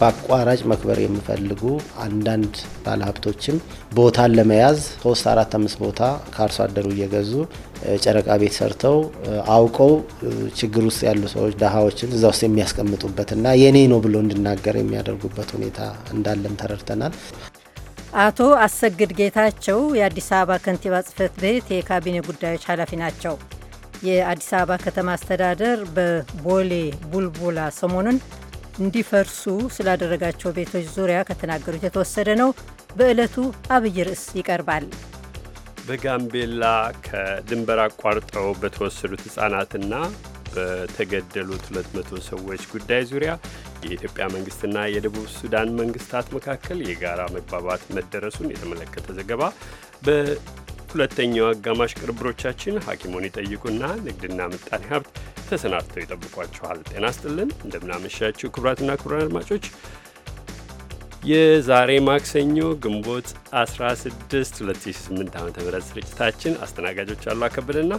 በአቋራጭ መክበር የሚፈልጉ አንዳንድ ባለሀብቶችም ቦታን ለመያዝ ሶስት አራት አምስት ቦታ ከአርሶ አደሩ እየገዙ ጨረቃ ቤት ሰርተው አውቀው ችግር ውስጥ ያሉ ሰዎች ድሃዎችን እዛ ውስጥ የሚያስቀምጡበትና የኔ ነው ብሎ እንድናገር የሚያደርጉበት ሁኔታ እንዳለም ተረድተናል። አቶ አሰግድ ጌታቸው የአዲስ አበባ ከንቲባ ጽህፈት ቤት የካቢኔ ጉዳዮች ኃላፊ ናቸው። የአዲስ አበባ ከተማ አስተዳደር በቦሌ ቡልቡላ ሰሞኑን እንዲፈርሱ ስላደረጋቸው ቤቶች ዙሪያ ከተናገሩት የተወሰደ ነው። በዕለቱ አብይ ርዕስ ይቀርባል። በጋምቤላ ከድንበር አቋርጠው በተወሰዱት ሕፃናትና በተገደሉት 200 ሰዎች ጉዳይ ዙሪያ የኢትዮጵያ መንግስትና የደቡብ ሱዳን መንግስታት መካከል የጋራ መግባባት መደረሱን የተመለከተ ዘገባ ሁለተኛው አጋማሽ ቅርብሮቻችን ሐኪሙን ይጠይቁና ንግድና ምጣኔ ሀብት ተሰናድተው ይጠብቋችኋል። ጤና ስጥልን፣ እንደምናመሻችሁ ክቡራትና ክቡራን አድማጮች የዛሬ ማክሰኞ ግንቦት 16 2008 ዓ ም ስርጭታችን አስተናጋጆች አሉ አከብደና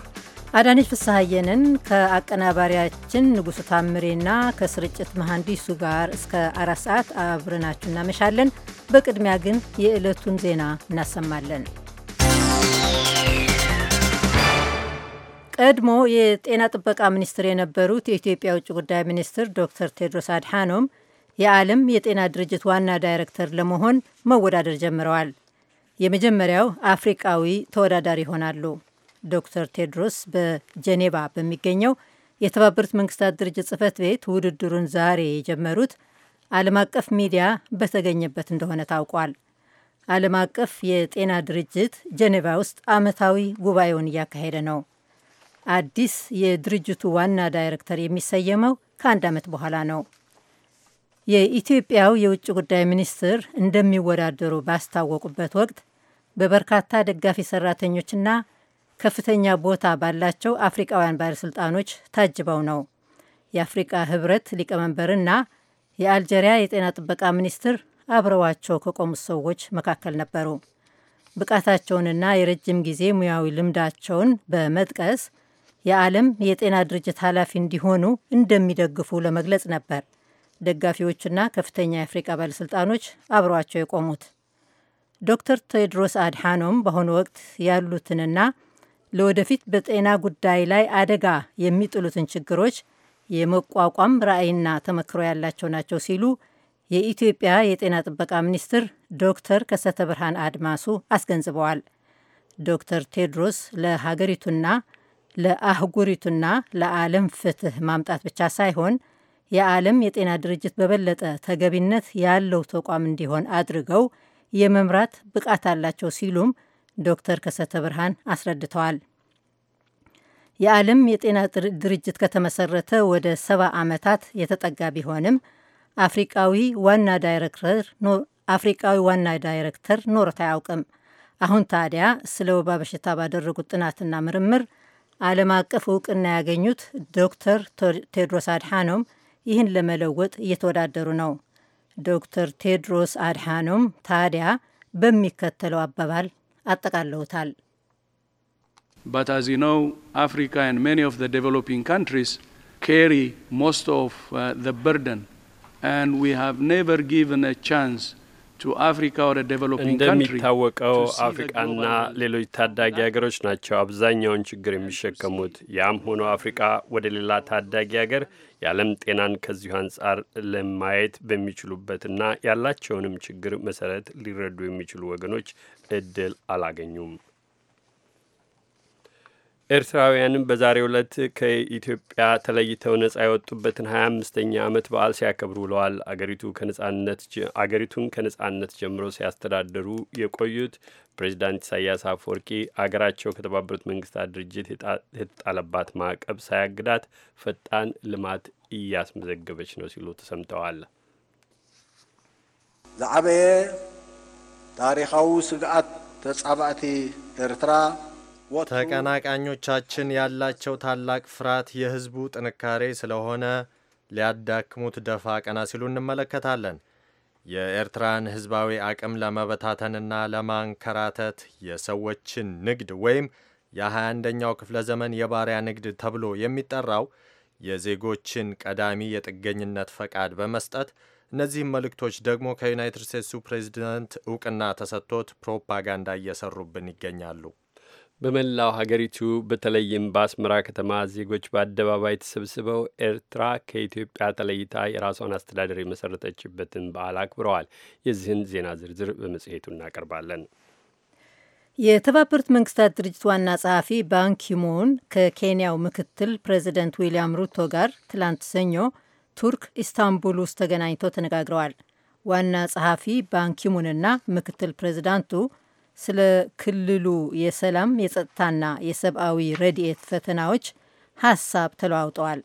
አዳነች ፍስሐየንን ከአቀናባሪያችን ንጉሥ ታምሬና ከስርጭት መሐንዲሱ ጋር እስከ አራት ሰዓት አብረናችሁ እናመሻለን። በቅድሚያ ግን የዕለቱን ዜና እናሰማለን። ቀድሞ የጤና ጥበቃ ሚኒስትር የነበሩት የኢትዮጵያ ውጭ ጉዳይ ሚኒስትር ዶክተር ቴድሮስ አድሓኖም የዓለም የጤና ድርጅት ዋና ዳይሬክተር ለመሆን መወዳደር ጀምረዋል። የመጀመሪያው አፍሪቃዊ ተወዳዳሪ ይሆናሉ። ዶክተር ቴድሮስ በጀኔቫ በሚገኘው የተባበሩት መንግስታት ድርጅት ጽህፈት ቤት ውድድሩን ዛሬ የጀመሩት ዓለም አቀፍ ሚዲያ በተገኘበት እንደሆነ ታውቋል። ዓለም አቀፍ የጤና ድርጅት ጀኔቫ ውስጥ ዓመታዊ ጉባኤውን እያካሄደ ነው። አዲስ የድርጅቱ ዋና ዳይሬክተር የሚሰየመው ከአንድ ዓመት በኋላ ነው። የኢትዮጵያው የውጭ ጉዳይ ሚኒስትር እንደሚወዳደሩ ባስታወቁበት ወቅት በበርካታ ደጋፊ ሰራተኞችና ከፍተኛ ቦታ ባላቸው አፍሪቃውያን ባለሥልጣኖች ታጅበው ነው። የአፍሪቃ ህብረት ሊቀመንበርና የአልጀሪያ የጤና ጥበቃ ሚኒስትር አብረዋቸው ከቆሙት ሰዎች መካከል ነበሩ። ብቃታቸውንና የረጅም ጊዜ ሙያዊ ልምዳቸውን በመጥቀስ የዓለም የጤና ድርጅት ኃላፊ እንዲሆኑ እንደሚደግፉ ለመግለጽ ነበር። ደጋፊዎቹና ከፍተኛ የአፍሪቃ ባለሥልጣኖች አብረዋቸው የቆሙት ዶክተር ቴድሮስ አድሓኖም በአሁኑ ወቅት ያሉትንና ለወደፊት በጤና ጉዳይ ላይ አደጋ የሚጥሉትን ችግሮች የመቋቋም ራዕይና ተመክሮ ያላቸው ናቸው ሲሉ የኢትዮጵያ የጤና ጥበቃ ሚኒስትር ዶክተር ከሰተ ብርሃን አድማሱ አስገንዝበዋል። ዶክተር ቴድሮስ ለሀገሪቱና ለአህጉሪቱና ለዓለም ፍትህ ማምጣት ብቻ ሳይሆን የዓለም የጤና ድርጅት በበለጠ ተገቢነት ያለው ተቋም እንዲሆን አድርገው የመምራት ብቃት አላቸው ሲሉም ዶክተር ከሰተ ብርሃን አስረድተዋል። የዓለም የጤና ድርጅት ከተመሰረተ ወደ ሰባ ዓመታት የተጠጋ ቢሆንም አፍሪቃዊ ዋና ዳይሬክተር አፍሪቃዊ ዋና ዳይሬክተር ኖሮት አያውቅም። አሁን ታዲያ ስለ ወባ በሽታ ባደረጉት ጥናትና ምርምር አለም አቀፍ እውቅና ያገኙት ዶክተር ቴድሮስ አድሓኖም ይህን ለመለወጥ እየተወዳደሩ ነው። ዶክተር ቴድሮስ አድሓኖም ታዲያ በሚከተለው አባባል አጠቃለውታል። ባት አዝ ዩ ኖው አፍሪካ ኤንድ ሜኒ ኦፍ ዘ ዴቨሎፒንግ ሞስት ኦፍ በርደን ሃቭ ኔቨር ጊቨን ቻንስ እንደሚታወቀው አፍሪቃና ሌሎች ታዳጊ ሀገሮች ናቸው አብዛኛውን ችግር የሚሸከሙት። ያም ሆኖ አፍሪቃ ወደ ሌላ ታዳጊ ሀገር የዓለም ጤናን ከዚሁ አንጻር ለማየት በሚችሉበትና ያላቸውንም ችግር መሰረት ሊረዱ የሚችሉ ወገኖች እድል አላገኙም። ኤርትራውያንም በዛሬው ዕለት ከኢትዮጵያ ተለይተው ነጻ የወጡበትን ሀያ አምስተኛ ዓመት በዓል ሲያከብሩ ውለዋል። አገሪቱን ከነጻነት ጀምሮ ሲያስተዳደሩ የቆዩት ፕሬዚዳንት ኢሳያስ አፈወርቂ አገራቸው ከተባበሩት መንግስታት ድርጅት የተጣለባት ማዕቀብ ሳያግዳት ፈጣን ልማት እያስመዘገበች ነው ሲሉ ተሰምተዋል። ዝዓበየ ታሪካዊ ስግኣት ተጻባእቲ ኤርትራ ተቀናቃኞቻችን ያላቸው ታላቅ ፍርሃት የህዝቡ ጥንካሬ ስለሆነ ሊያዳክሙት ደፋ ቀና ሲሉ እንመለከታለን። የኤርትራን ህዝባዊ አቅም ለመበታተንና ለማንከራተት የሰዎችን ንግድ ወይም የ21ኛው ክፍለ ዘመን የባሪያ ንግድ ተብሎ የሚጠራው የዜጎችን ቀዳሚ የጥገኝነት ፈቃድ በመስጠት እነዚህም መልእክቶች ደግሞ ከዩናይትድ ስቴትሱ ፕሬዚደንት እውቅና ተሰጥቶት ፕሮፓጋንዳ እየሰሩብን ይገኛሉ። በመላው ሀገሪቱ በተለይም በአስመራ ከተማ ዜጎች በአደባባይ ተሰብስበው ኤርትራ ከኢትዮጵያ ተለይታ የራሷን አስተዳደር የመሰረተችበትን በዓል አክብረዋል። የዚህን ዜና ዝርዝር በመጽሔቱ እናቀርባለን። የተባበሩት መንግስታት ድርጅት ዋና ጸሐፊ ባንኪሙን ከኬንያው ምክትል ፕሬዚደንት ዊልያም ሩቶ ጋር ትላንት ሰኞ ቱርክ ኢስታንቡል ውስጥ ተገናኝተው ተነጋግረዋል። ዋና ጸሐፊ ባንኪሙንና ምክትል ፕሬዚዳንቱ ስለ ክልሉ የሰላም የጸጥታና የሰብአዊ ረድኤት ፈተናዎች ሀሳብ ተለዋውጠዋል።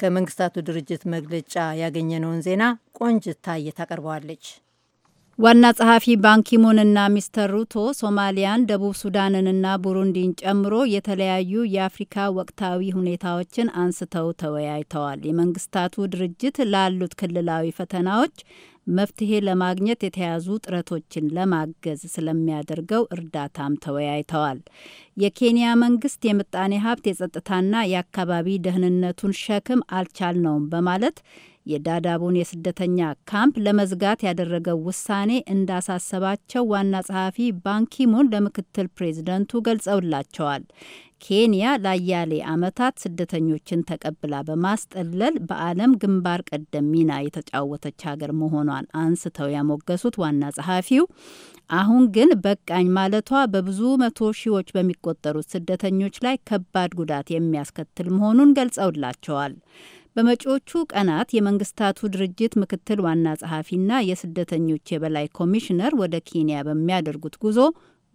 ከመንግስታቱ ድርጅት መግለጫ ያገኘነውን ዜና ቆንጅታ እየታቀርበዋለች። ታቀርበዋለች። ዋና ጸሐፊ ባንኪሙንና ሚስተር ሩቶ ሶማሊያን፣ ደቡብ ሱዳንንና ቡሩንዲን ጨምሮ የተለያዩ የአፍሪካ ወቅታዊ ሁኔታዎችን አንስተው ተወያይተዋል። የመንግስታቱ ድርጅት ላሉት ክልላዊ ፈተናዎች መፍትሄ ለማግኘት የተያዙ ጥረቶችን ለማገዝ ስለሚያደርገው እርዳታም ተወያይተዋል። የኬንያ መንግስት የምጣኔ ሀብት የጸጥታና የአካባቢ ደህንነቱን ሸክም አልቻልነውም በማለት የዳዳቡን የስደተኛ ካምፕ ለመዝጋት ያደረገው ውሳኔ እንዳሳሰባቸው ዋና ጸሐፊ ባንኪሙን ለምክትል ፕሬዝደንቱ ገልጸውላቸዋል። ኬንያ ለአያሌ ዓመታት ስደተኞችን ተቀብላ በማስጠለል በዓለም ግንባር ቀደም ሚና የተጫወተች ሀገር መሆኗን አንስተው ያሞገሱት ዋና ጸሐፊው አሁን ግን በቃኝ ማለቷ በብዙ መቶ ሺዎች በሚቆጠሩት ስደተኞች ላይ ከባድ ጉዳት የሚያስከትል መሆኑን ገልጸውላቸዋል። በመጪዎቹ ቀናት የመንግስታቱ ድርጅት ምክትል ዋና ጸሐፊና የስደተኞች የበላይ ኮሚሽነር ወደ ኬንያ በሚያደርጉት ጉዞ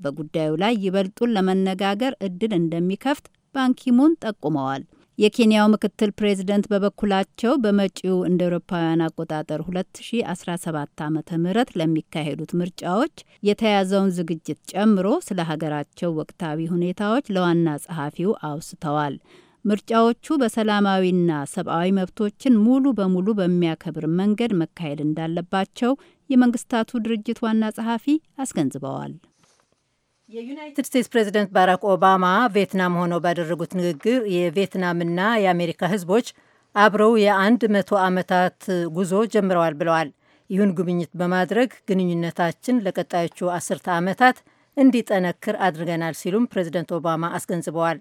በጉዳዩ ላይ ይበልጡን ለመነጋገር እድል እንደሚከፍት ባንኪሙን ጠቁመዋል። የኬንያው ምክትል ፕሬዝደንት በበኩላቸው በመጪው እንደ ኤውሮፓውያን አቆጣጠር 2017 ዓ ም ለሚካሄዱት ምርጫዎች የተያዘውን ዝግጅት ጨምሮ ስለ ሀገራቸው ወቅታዊ ሁኔታዎች ለዋና ጸሐፊው አውስተዋል። ምርጫዎቹ በሰላማዊና ሰብአዊ መብቶችን ሙሉ በሙሉ በሚያከብር መንገድ መካሄድ እንዳለባቸው የመንግስታቱ ድርጅት ዋና ጸሐፊ አስገንዝበዋል። የዩናይትድ ስቴትስ ፕሬዚደንት ባራክ ኦባማ ቪየትናም ሆነው ባደረጉት ንግግር የቪየትናምና የአሜሪካ ህዝቦች አብረው የአንድ መቶ ዓመታት ጉዞ ጀምረዋል ብለዋል። ይሁን ጉብኝት በማድረግ ግንኙነታችን ለቀጣዮቹ አስርተ ዓመታት እንዲጠነክር አድርገናል ሲሉም ፕሬዚደንት ኦባማ አስገንዝበዋል።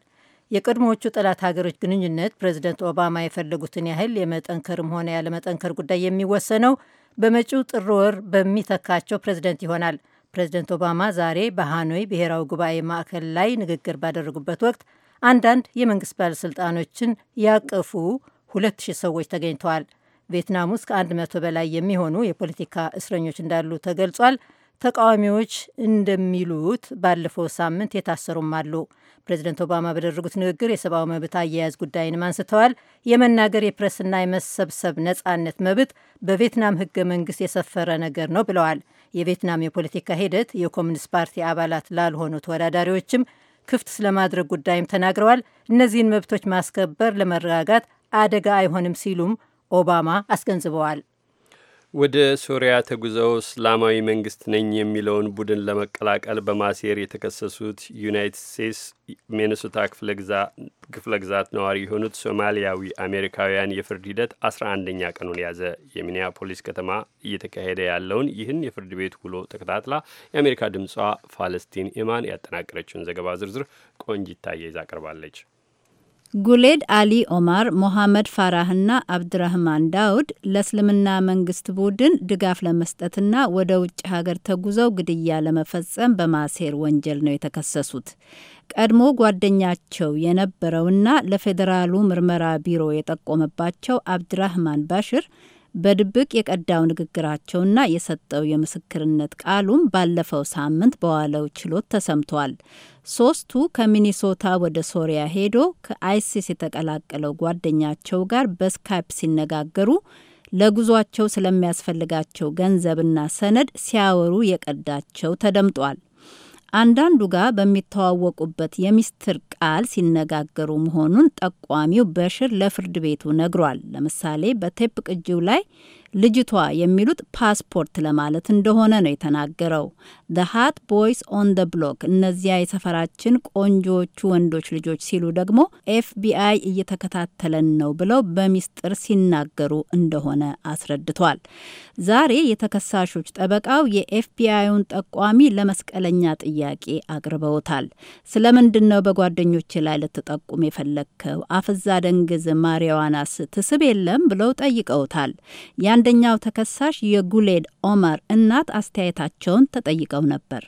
የቀድሞዎቹ ጠላት ሀገሮች ግንኙነት ፕሬዚደንት ኦባማ የፈለጉትን ያህል የመጠንከርም ሆነ ያለመጠንከር ጉዳይ የሚወሰነው በመጪው ጥር ወር በሚተካቸው ፕሬዚደንት ይሆናል። ፕሬዚደንት ኦባማ ዛሬ በሃኖይ ብሔራዊ ጉባኤ ማዕከል ላይ ንግግር ባደረጉበት ወቅት አንዳንድ የመንግስት ባለሥልጣኖችን ያቀፉ ሁለት ሰዎች ተገኝተዋል። ቪየትናም ውስጥ ከ100 በላይ የሚሆኑ የፖለቲካ እስረኞች እንዳሉ ተገልጿል። ተቃዋሚዎች እንደሚሉት ባለፈው ሳምንት የታሰሩም አሉ። ፕሬዚደንት ኦባማ በደረጉት ንግግር የሰብአዊ መብት አያያዝ ጉዳይንም አንስተዋል። የመናገር የፕሬስና የመሰብሰብ ነጻነት መብት በቪየትናም ህገ መንግስት የሰፈረ ነገር ነው ብለዋል። የቪየትናም የፖለቲካ ሂደት የኮሚኒስት ፓርቲ አባላት ላልሆኑ ተወዳዳሪዎችም ክፍት ስለማድረግ ጉዳይም ተናግረዋል። እነዚህን መብቶች ማስከበር ለመረጋጋት አደጋ አይሆንም ሲሉም ኦባማ አስገንዝበዋል። ወደ ሶሪያ ተጉዘው እስላማዊ መንግስት ነኝ የሚለውን ቡድን ለመቀላቀል በማሴር የተከሰሱት ዩናይትድ ስቴትስ ሚኒሶታ ክፍለ ግዛት ነዋሪ የሆኑት ሶማሊያዊ አሜሪካውያን የፍርድ ሂደት አስራ አንደኛ ቀኑን ያዘ። የሚኒያፖሊስ ከተማ እየተካሄደ ያለውን ይህን የፍርድ ቤት ውሎ ተከታትላ የአሜሪካ ድምጿ ፋለስቲን ኢማን ያጠናቀረችውን ዘገባ ዝርዝር ቆንጅ ታየ ይዛ ቀርባለች። ጉሌድ አሊ ኦማር፣ ሞሐመድ ፋራህና አብድራህማን ዳውድ ለእስልምና መንግስት ቡድን ድጋፍ ለመስጠትና ወደ ውጭ ሀገር ተጉዘው ግድያ ለመፈጸም በማሴር ወንጀል ነው የተከሰሱት። ቀድሞ ጓደኛቸው የነበረውና ለፌዴራሉ ምርመራ ቢሮ የጠቆመባቸው አብድራህማን ባሽር በድብቅ የቀዳው ንግግራቸውና የሰጠው የምስክርነት ቃሉም ባለፈው ሳምንት በዋለው ችሎት ተሰምቷል። ሶስቱ ከሚኒሶታ ወደ ሶሪያ ሄዶ ከአይሲስ የተቀላቀለው ጓደኛቸው ጋር በስካይፕ ሲነጋገሩ ለጉዟቸው ስለሚያስፈልጋቸው ገንዘብና ሰነድ ሲያወሩ የቀዳቸው ተደምጧል። አንዳንዱ ጋር በሚተዋወቁበት የሚስጥር ቃል ሲነጋገሩ መሆኑን ጠቋሚው በሽር ለፍርድ ቤቱ ነግሯል። ለምሳሌ በቴፕ ቅጂው ላይ ልጅቷ የሚሉት ፓስፖርት ለማለት እንደሆነ ነው የተናገረው። ዘ ሃት ቦይስ ኦን ደ ብሎክ፣ እነዚያ የሰፈራችን ቆንጆቹ ወንዶች ልጆች ሲሉ ደግሞ ኤፍቢአይ እየተከታተለን ነው ብለው በሚስጥር ሲናገሩ እንደሆነ አስረድቷል። ዛሬ የተከሳሾች ጠበቃው የኤፍቢአዩን ጠቋሚ ለመስቀለኛ ጥያቄ አቅርበውታል። ስለምንድን ነው በጓደኞች ላይ ልትጠቁም የፈለግከው? አፍዛ ደንግዝ ማሪዋናስ ትስብ የለም ብለው ጠይቀውታል። አንደኛው ተከሳሽ የጉሌድ ኦመር እናት አስተያየታቸውን ተጠይቀው ነበር።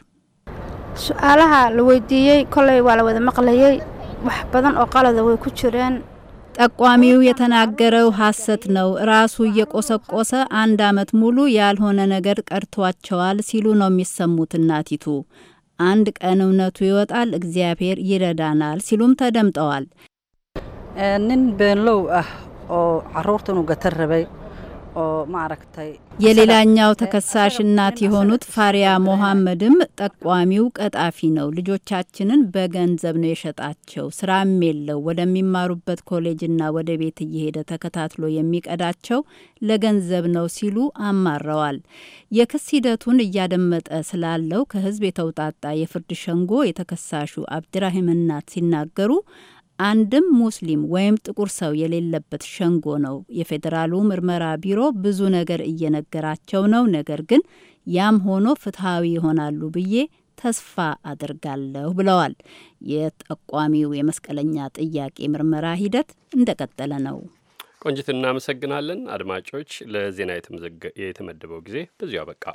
ሱአላሃ ለወይዲየይ ኮለይ ዋላ ወደ ዋህ በደን ኦቃለደ ወይ ኩችረን ጠቋሚው የተናገረው ሐሰት ነው፣ ራሱ እየቆሰቆሰ አንድ አመት ሙሉ ያልሆነ ነገር ቀርቷቸዋል ሲሉ ነው የሚሰሙት እናቲቱ። አንድ ቀን እውነቱ ይወጣል፣ እግዚአብሔር ይረዳናል ሲሉም ተደምጠዋል። ንን በንለው አሮርተኑ ገተረበይ የሌላኛው ተከሳሽ እናት የሆኑት ፋሪያ ሞሐመድም ጠቋሚው ቀጣፊ ነው፣ ልጆቻችንን በገንዘብ ነው የሸጣቸው፣ ስራም የለው ወደሚማሩበት ኮሌጅና ወደ ቤት እየሄደ ተከታትሎ የሚቀዳቸው ለገንዘብ ነው ሲሉ አማረዋል። የክስ ሂደቱን እያደመጠ ስላለው ከህዝብ የተውጣጣ የፍርድ ሸንጎ የተከሳሹ አብድራሂም እናት ሲናገሩ አንድም ሙስሊም ወይም ጥቁር ሰው የሌለበት ሸንጎ ነው። የፌዴራሉ ምርመራ ቢሮ ብዙ ነገር እየነገራቸው ነው። ነገር ግን ያም ሆኖ ፍትሐዊ ይሆናሉ ብዬ ተስፋ አድርጋለሁ ብለዋል። የጠቋሚው የመስቀለኛ ጥያቄ ምርመራ ሂደት እንደቀጠለ ነው። ቆንጅት፣ እናመሰግናለን። አድማጮች፣ ለዜና የተመደበው ጊዜ በዚሁ አበቃ።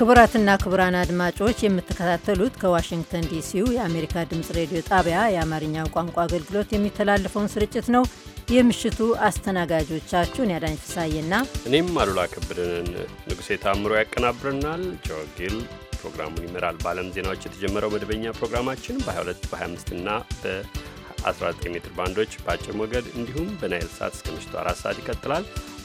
ክቡራትና ክቡራን አድማጮች የምትከታተሉት ከዋሽንግተን ዲሲው የአሜሪካ ድምፅ ሬዲዮ ጣቢያ የአማርኛው ቋንቋ አገልግሎት የሚተላለፈውን ስርጭት ነው። የምሽቱ አስተናጋጆቻችሁን ያዳኝ ፍሳዬና እኔም አሉላ ከበደንን። ንጉሴ ታምሮ ያቀናብርናል። ጆጊል ፕሮግራሙን ይመራል። በዓለም ዜናዎች የተጀመረው መደበኛ ፕሮግራማችን በ22 በ25 እና በ19 ሜትር ባንዶች በአጭር ሞገድ እንዲሁም በናይል ሳት እስከ ምሽቱ አራት ሰዓት ይቀጥላል።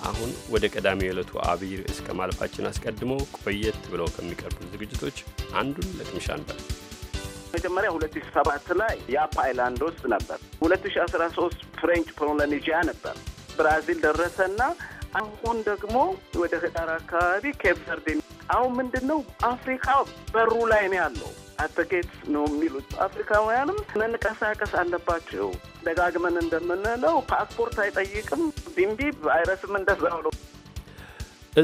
አሁን ወደ ቀዳሚው የዕለቱ አብይ ርዕስ ከማለፋችን አስቀድሞ ቆየት ብለው ከሚቀርቡ ዝግጅቶች አንዱን ለቅምሻ እንበል። መጀመሪያ ሁለት ሺ ሰባት ላይ ያፕ አይላንድ ውስጥ ነበር። ሁለት ሺ አስራ ሶስት ፍሬንች ፖሊኔዥያ ነበር። ብራዚል ደረሰና አሁን ደግሞ ወደ ህዳር አካባቢ ኬፕ አሁን ምንድን ነው አፍሪካ በሩ ላይ ነው ያለው አድቮኬት ነው የሚሉት። አፍሪካውያንም መንቀሳቀስ አለባቸው። ደጋግመን እንደምንለው ፓስፖርት አይጠይቅም። ቢምቢ ቫይረስም እንደዛው ነው።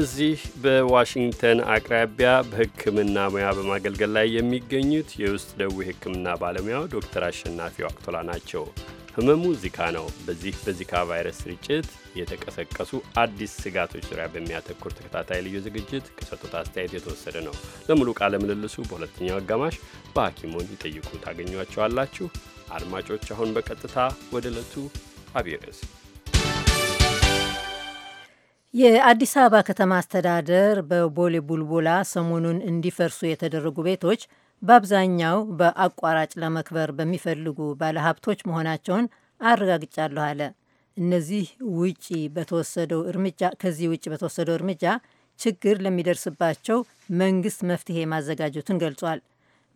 እዚህ በዋሽንግተን አቅራቢያ በሕክምና ሙያ በማገልገል ላይ የሚገኙት የውስጥ ደዌ ሕክምና ባለሙያው ዶክተር አሸናፊ ዋቅቶላ ናቸው። ህመሙ ዚካ ነው። በዚህ በዚካ ቫይረስ ስርጭት የተቀሰቀሱ አዲስ ስጋቶች ዙሪያ በሚያተኩር ተከታታይ ልዩ ዝግጅት ከሰጡት አስተያየት የተወሰደ ነው። ለሙሉ ቃለ ምልልሱ በሁለተኛው አጋማሽ በሐኪሙን ይጠይቁ ታገኟቸዋላችሁ። አድማጮች፣ አሁን በቀጥታ ወደ ዕለቱ አብይ ርዕስ የአዲስ አበባ ከተማ አስተዳደር በቦሌ ቡልቡላ ሰሞኑን እንዲፈርሱ የተደረጉ ቤቶች በአብዛኛው በአቋራጭ ለመክበር በሚፈልጉ ባለሀብቶች መሆናቸውን አረጋግጫለሁ አለ። እነዚህ ውጪ በተወሰደው እርምጃ ከዚህ ውጭ በተወሰደው እርምጃ ችግር ለሚደርስባቸው መንግስት መፍትሄ ማዘጋጀቱን ገልጿል።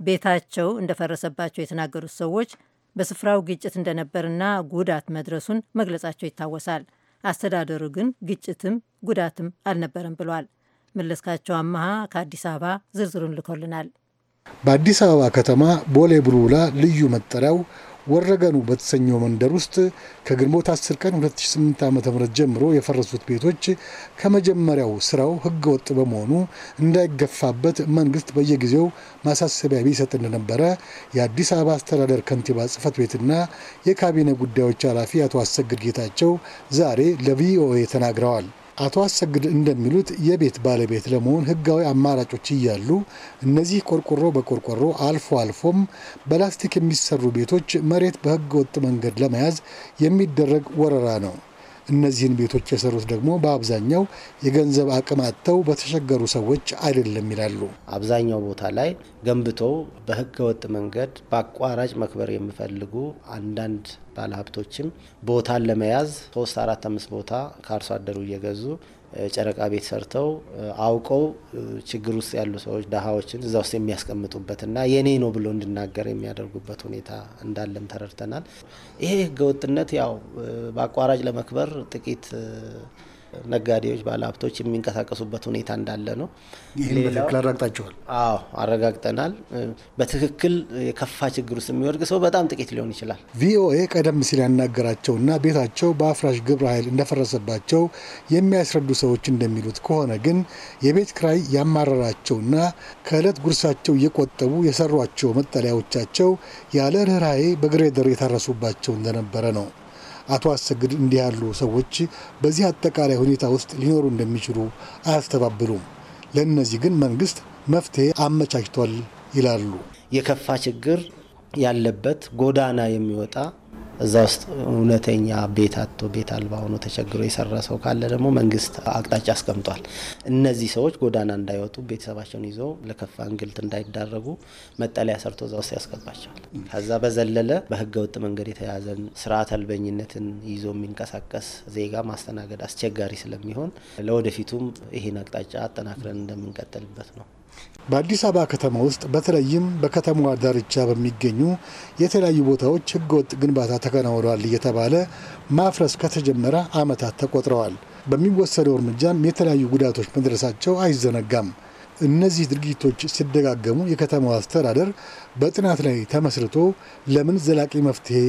ቤታቸው እንደፈረሰባቸው የተናገሩት ሰዎች በስፍራው ግጭት እንደነበርና ጉዳት መድረሱን መግለጻቸው ይታወሳል። አስተዳደሩ ግን ግጭትም ጉዳትም አልነበረም ብሏል። መለስካቸው አመሃ ከአዲስ አበባ ዝርዝሩን ልኮልናል። በአዲስ አበባ ከተማ ቦሌ ቡልቡላ ልዩ መጠሪያው ወረገኑ በተሰኘው መንደር ውስጥ ከግንቦት 10 ቀን 2008 ዓ.ም ጀምሮ የፈረሱት ቤቶች ከመጀመሪያው ስራው ህገወጥ በመሆኑ እንዳይገፋበት መንግስት በየጊዜው ማሳሰቢያ ቢሰጥ እንደነበረ የአዲስ አበባ አስተዳደር ከንቲባ ጽህፈት ቤትና የካቢኔ ጉዳዮች ኃላፊ አቶ አሰግድ ጌታቸው ዛሬ ለቪኦኤ ተናግረዋል። አቶ አሰግድ እንደሚሉት የቤት ባለቤት ለመሆን ህጋዊ አማራጮች እያሉ እነዚህ ቆርቆሮ በቆርቆሮ አልፎ አልፎም በላስቲክ የሚሰሩ ቤቶች መሬት በህገወጥ ወጥ መንገድ ለመያዝ የሚደረግ ወረራ ነው። እነዚህን ቤቶች የሰሩት ደግሞ በአብዛኛው የገንዘብ አቅም አጥተው በተቸገሩ ሰዎች አይደለም ይላሉ። አብዛኛው ቦታ ላይ ገንብተው በህገወጥ መንገድ በአቋራጭ መክበር የሚፈልጉ አንዳንድ ባለሀብቶችም ቦታን ለመያዝ ሶስት አራት አምስት ቦታ ከአርሶ አደሩ እየገዙ ጨረቃ ቤት ሰርተው አውቀው ችግር ውስጥ ያሉ ሰዎች ድሃዎችን እዛ ውስጥ የሚያስቀምጡበትና የኔ ነው ብሎ እንድናገር የሚያደርጉበት ሁኔታ እንዳለም ተረድተናል። ይሄ ህገወጥነት ያው በአቋራጭ ለመክበር ጥቂት ነጋዴዎች፣ ባለሀብቶች የሚንቀሳቀሱበት ሁኔታ እንዳለ ነው። ይህን በትክክል አረጋግጣችኋል? አዎ አረጋግጠናል። በትክክል የከፋ ችግር ውስጥ የሚወድቅ ሰው በጣም ጥቂት ሊሆን ይችላል። ቪኦኤ ቀደም ሲል ያናገራቸውና ቤታቸው በአፍራሽ ግብረ ኃይል እንደፈረሰባቸው የሚያስረዱ ሰዎች እንደሚሉት ከሆነ ግን የቤት ክራይ ያማረራቸውና ከእለት ጉርሳቸው እየቆጠቡ የሰሯቸው መጠለያዎቻቸው ያለ ርኅራኄ በግሬደር የታረሱባቸው እንደነበረ ነው። አቶ አሰግድ እንዲህ ያሉ ሰዎች በዚህ አጠቃላይ ሁኔታ ውስጥ ሊኖሩ እንደሚችሉ አያስተባብሉም። ለእነዚህ ግን መንግስት መፍትሄ አመቻችቷል ይላሉ። የከፋ ችግር ያለበት ጎዳና የሚወጣ እዛ ውስጥ እውነተኛ ቤት አቶ ቤት አልባ ሆኖ ተቸግሮ የሰራ ሰው ካለ ደግሞ መንግስት አቅጣጫ አስቀምጧል። እነዚህ ሰዎች ጎዳና እንዳይወጡ ቤተሰባቸውን ይዘው ለከፋ እንግልት እንዳይዳረጉ መጠለያ ሰርቶ እዛ ውስጥ ያስገባቸዋል። ከዛ በዘለለ በህገ ወጥ መንገድ የተያዘን ስርዓት አልበኝነትን ይዞ የሚንቀሳቀስ ዜጋ ማስተናገድ አስቸጋሪ ስለሚሆን ለወደፊቱም ይህን አቅጣጫ አጠናክረን እንደምንቀጥልበት ነው። በአዲስ አበባ ከተማ ውስጥ በተለይም በከተማዋ ዳርቻ በሚገኙ የተለያዩ ቦታዎች ህገወጥ ግንባታ ተከናውኗል እየተባለ ማፍረስ ከተጀመረ ዓመታት ተቆጥረዋል። በሚወሰደው እርምጃም የተለያዩ ጉዳቶች መድረሳቸው አይዘነጋም። እነዚህ ድርጊቶች ሲደጋገሙ የከተማው አስተዳደር በጥናት ላይ ተመስርቶ ለምን ዘላቂ መፍትሄ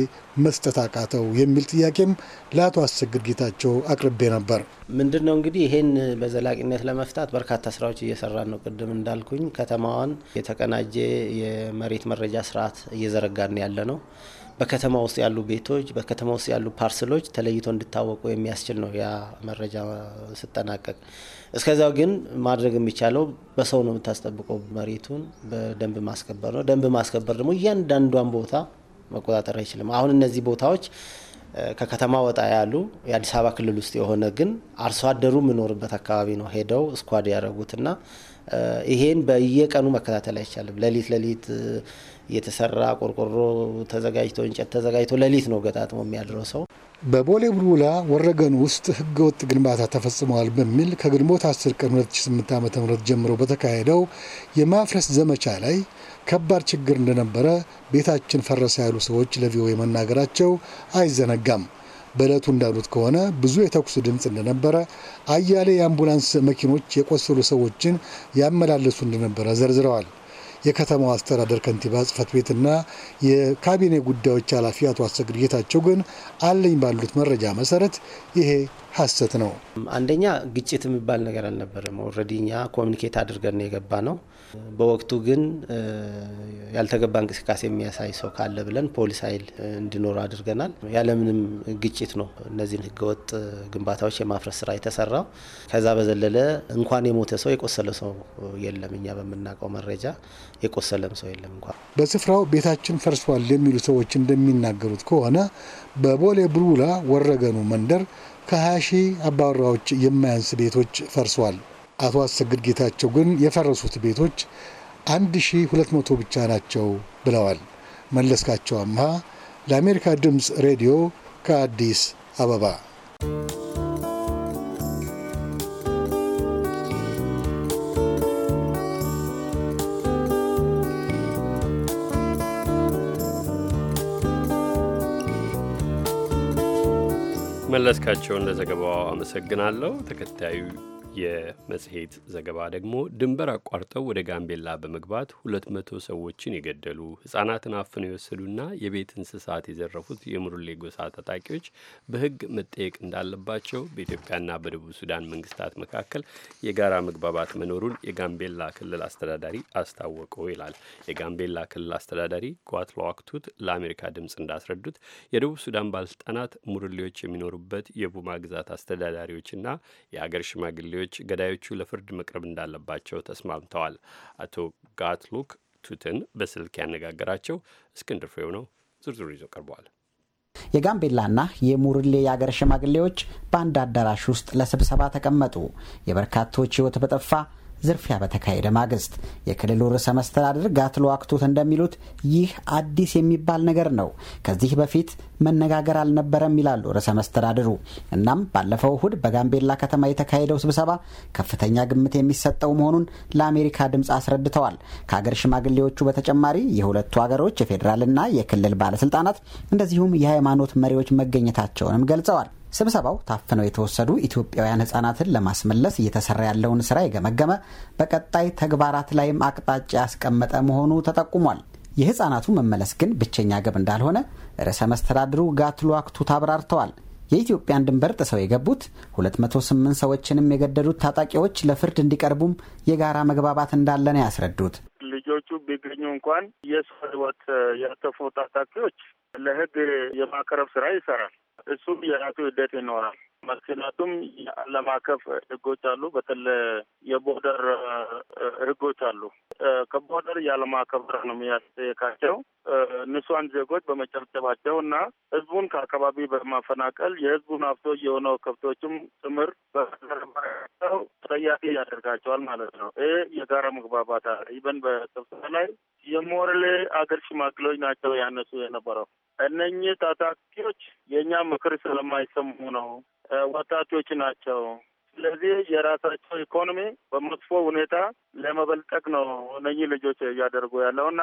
መስጠት አቃተው የሚል ጥያቄም ለአቶ አስቸግር ጌታቸው አቅርቤ ነበር። ምንድን ነው እንግዲህ ይሄን በዘላቂነት ለመፍታት በርካታ ስራዎች እየሰራን ነው። ቅድም እንዳልኩኝ ከተማዋን የተቀናጀ የመሬት መረጃ ስርዓት እየዘረጋን ያለ ነው። በከተማ ውስጥ ያሉ ቤቶች፣ በከተማ ውስጥ ያሉ ፓርሰሎች ተለይቶ እንዲታወቁ የሚያስችል ነው ያ መረጃ ስጠናቀቅ። እስከዚያው ግን ማድረግ የሚቻለው በሰው ነው የምታስጠብቀው፣ መሬቱን በደንብ ማስከበር ነው። ደንብ ማስከበር ደግሞ እያንዳንዷን ቦታ መቆጣጠር አይችልም። አሁን እነዚህ ቦታዎች ከከተማ ወጣ ያሉ የአዲስ አበባ ክልል ውስጥ የሆነ ግን አርሶ አደሩ የሚኖርበት አካባቢ ነው ሄደው ስኳድ ያደረጉትና ይሄን በየቀኑ መከታተል አይቻልም። ለሊት ለሊት የተሰራ ቆርቆሮ ተዘጋጅቶ እንጨት ተዘጋጅቶ ለሊት ነው ገጣጥሞ የሚያድረው ሰው። በቦሌ ቡልቡላ ወረገኑ ውስጥ ህገወጥ ግንባታ ተፈጽመዋል በሚል ከግንቦት 10 ቀን 2008 ዓ ም ጀምሮ በተካሄደው የማፍረስ ዘመቻ ላይ ከባድ ችግር እንደነበረ ቤታችን ፈረሰ ያሉ ሰዎች ለቪኦኤ መናገራቸው አይዘነጋም። በዕለቱ እንዳሉት ከሆነ ብዙ የተኩስ ድምፅ እንደነበረ፣ አያሌ የአምቡላንስ መኪኖች የቆሰሉ ሰዎችን ያመላለሱ እንደነበረ ዘርዝረዋል። የከተማው አስተዳደር ከንቲባ ጽህፈት ቤትና የካቢኔ ጉዳዮች ኃላፊ አቶ አሰግድ ጌታቸው ግን አለኝ ባሉት መረጃ መሰረት ይሄ ሀሰት ነው። አንደኛ ግጭት የሚባል ነገር አልነበረም። ኦልሬዲ እኛ ኮሚኒኬት አድርገን ነው የገባ ነው። በወቅቱ ግን ያልተገባ እንቅስቃሴ የሚያሳይ ሰው ካለ ብለን ፖሊስ ኃይል እንዲኖር አድርገናል። ያለምንም ግጭት ነው እነዚህን ህገወጥ ግንባታዎች የማፍረስ ስራ የተሰራው። ከዛ በዘለለ እንኳን የሞተ ሰው የቆሰለ ሰው የለም። እኛ በምናውቀው መረጃ የቆሰለም ሰው የለም። እንኳን በስፍራው ቤታችን ፈርሷል የሚሉ ሰዎች እንደሚናገሩት ከሆነ በቦሌ ቡልቡላ ወረገኑ መንደር ከ20 ሺህ አባወራዎች የማያንስ ቤቶች ፈርሷል። አቶ አሰግድ ጌታቸው ግን የፈረሱት ቤቶች 1200 ብቻ ናቸው ብለዋል። መለስካቸው አምሃ ለአሜሪካ ድምፅ ሬዲዮ ከአዲስ አበባ መለስካቸውን ለዘገባው አመሰግናለሁ። ተከታዩ የመጽሔት ዘገባ ደግሞ ድንበር አቋርጠው ወደ ጋምቤላ በመግባት ሁለት መቶ ሰዎችን የገደሉ ሕጻናትን አፍነው የወሰዱና የቤት እንስሳት የዘረፉት የሙርሌ ጎሳ ታጣቂዎች በሕግ መጠየቅ እንዳለባቸው በኢትዮጵያና በደቡብ ሱዳን መንግስታት መካከል የጋራ መግባባት መኖሩን የጋምቤላ ክልል አስተዳዳሪ አስታወቀው ይላል። የጋምቤላ ክልል አስተዳዳሪ ጓትለዋክቱት ለአሜሪካ ድምፅ እንዳስረዱት የደቡብ ሱዳን ባለስልጣናት ሙርሌዎች የሚኖሩበት የቡማ ግዛት አስተዳዳሪዎችና የአገር ሽማግሌዎች ተጠርጣሪዎች ገዳዮቹ ለፍርድ መቅረብ እንዳለባቸው ተስማምተዋል። አቶ ጋትሉክ ቱትን በስልክ ያነጋገራቸው እስክንድር ፍሬው ነው። ዝርዝሩ ይዞ ቀርበዋል። የጋምቤላና የሙርሌ የአገር ሽማግሌዎች በአንድ አዳራሽ ውስጥ ለስብሰባ ተቀመጡ። የበርካቶች ሕይወት በጠፋ ዝርፊያ በተካሄደ ማግስት የክልሉ ርዕሰ መስተዳድር ጋትሎ አክቱት እንደሚሉት ይህ አዲስ የሚባል ነገር ነው። ከዚህ በፊት መነጋገር አልነበረም ይላሉ ርዕሰ መስተዳድሩ። እናም ባለፈው እሁድ በጋምቤላ ከተማ የተካሄደው ስብሰባ ከፍተኛ ግምት የሚሰጠው መሆኑን ለአሜሪካ ድምፅ አስረድተዋል። ከሀገር ሽማግሌዎቹ በተጨማሪ የሁለቱ ሀገሮች የፌዴራልና የክልል ባለስልጣናት እንደዚሁም የሃይማኖት መሪዎች መገኘታቸውንም ገልጸዋል። ስብሰባው ታፍነው የተወሰዱ ኢትዮጵያውያን ህጻናትን ለማስመለስ እየተሰራ ያለውን ስራ የገመገመ፣ በቀጣይ ተግባራት ላይም አቅጣጫ ያስቀመጠ መሆኑ ተጠቁሟል። የህፃናቱ መመለስ ግን ብቸኛ ግብ እንዳልሆነ ርዕሰ መስተዳድሩ ጋትሉዋክ ቱታ አብራርተዋል። የኢትዮጵያን ድንበር ጥሰው የገቡት 208 ሰዎችንም የገደሉት ታጣቂዎች ለፍርድ እንዲቀርቡም የጋራ መግባባት እንዳለ ነው ያስረዱት። ልጆቹ ቢገኙ እንኳን የሰው ህይወት ያጠፉ ታጣቂዎች ለህግ የማቅረብ ስራ ይሰራል። Su biyara to ye ምክንያቱም የዓለም አቀፍ ህጎች አሉ። በተለይ የቦርደር ህጎች አሉ። ከቦርደር የዓለም አቀፍ ነው የሚያስጠየቃቸው ንሷን ዜጎች በመጨብጨባቸው እና ህዝቡን ከአካባቢ በማፈናቀል የህዝቡን ሀብቶች የሆነው ከብቶችም ጭምር በመቸው ተጠያቂ ያደርጋቸዋል ማለት ነው። ይህ የጋራ መግባባት አለ። ኢቨን በስብሰባ ላይ የሞርሌ አገር ሽማግሌዎች ናቸው ያነሱ የነበረው እነኚህ ታጣቂዎች የእኛ ምክር ስለማይሰሙ ነው ወጣቶች ናቸው። ስለዚህ የራሳቸው ኢኮኖሚ በመጥፎ ሁኔታ ለመበልጠቅ ነው እነኚህ ልጆች እያደረጉ ያለውና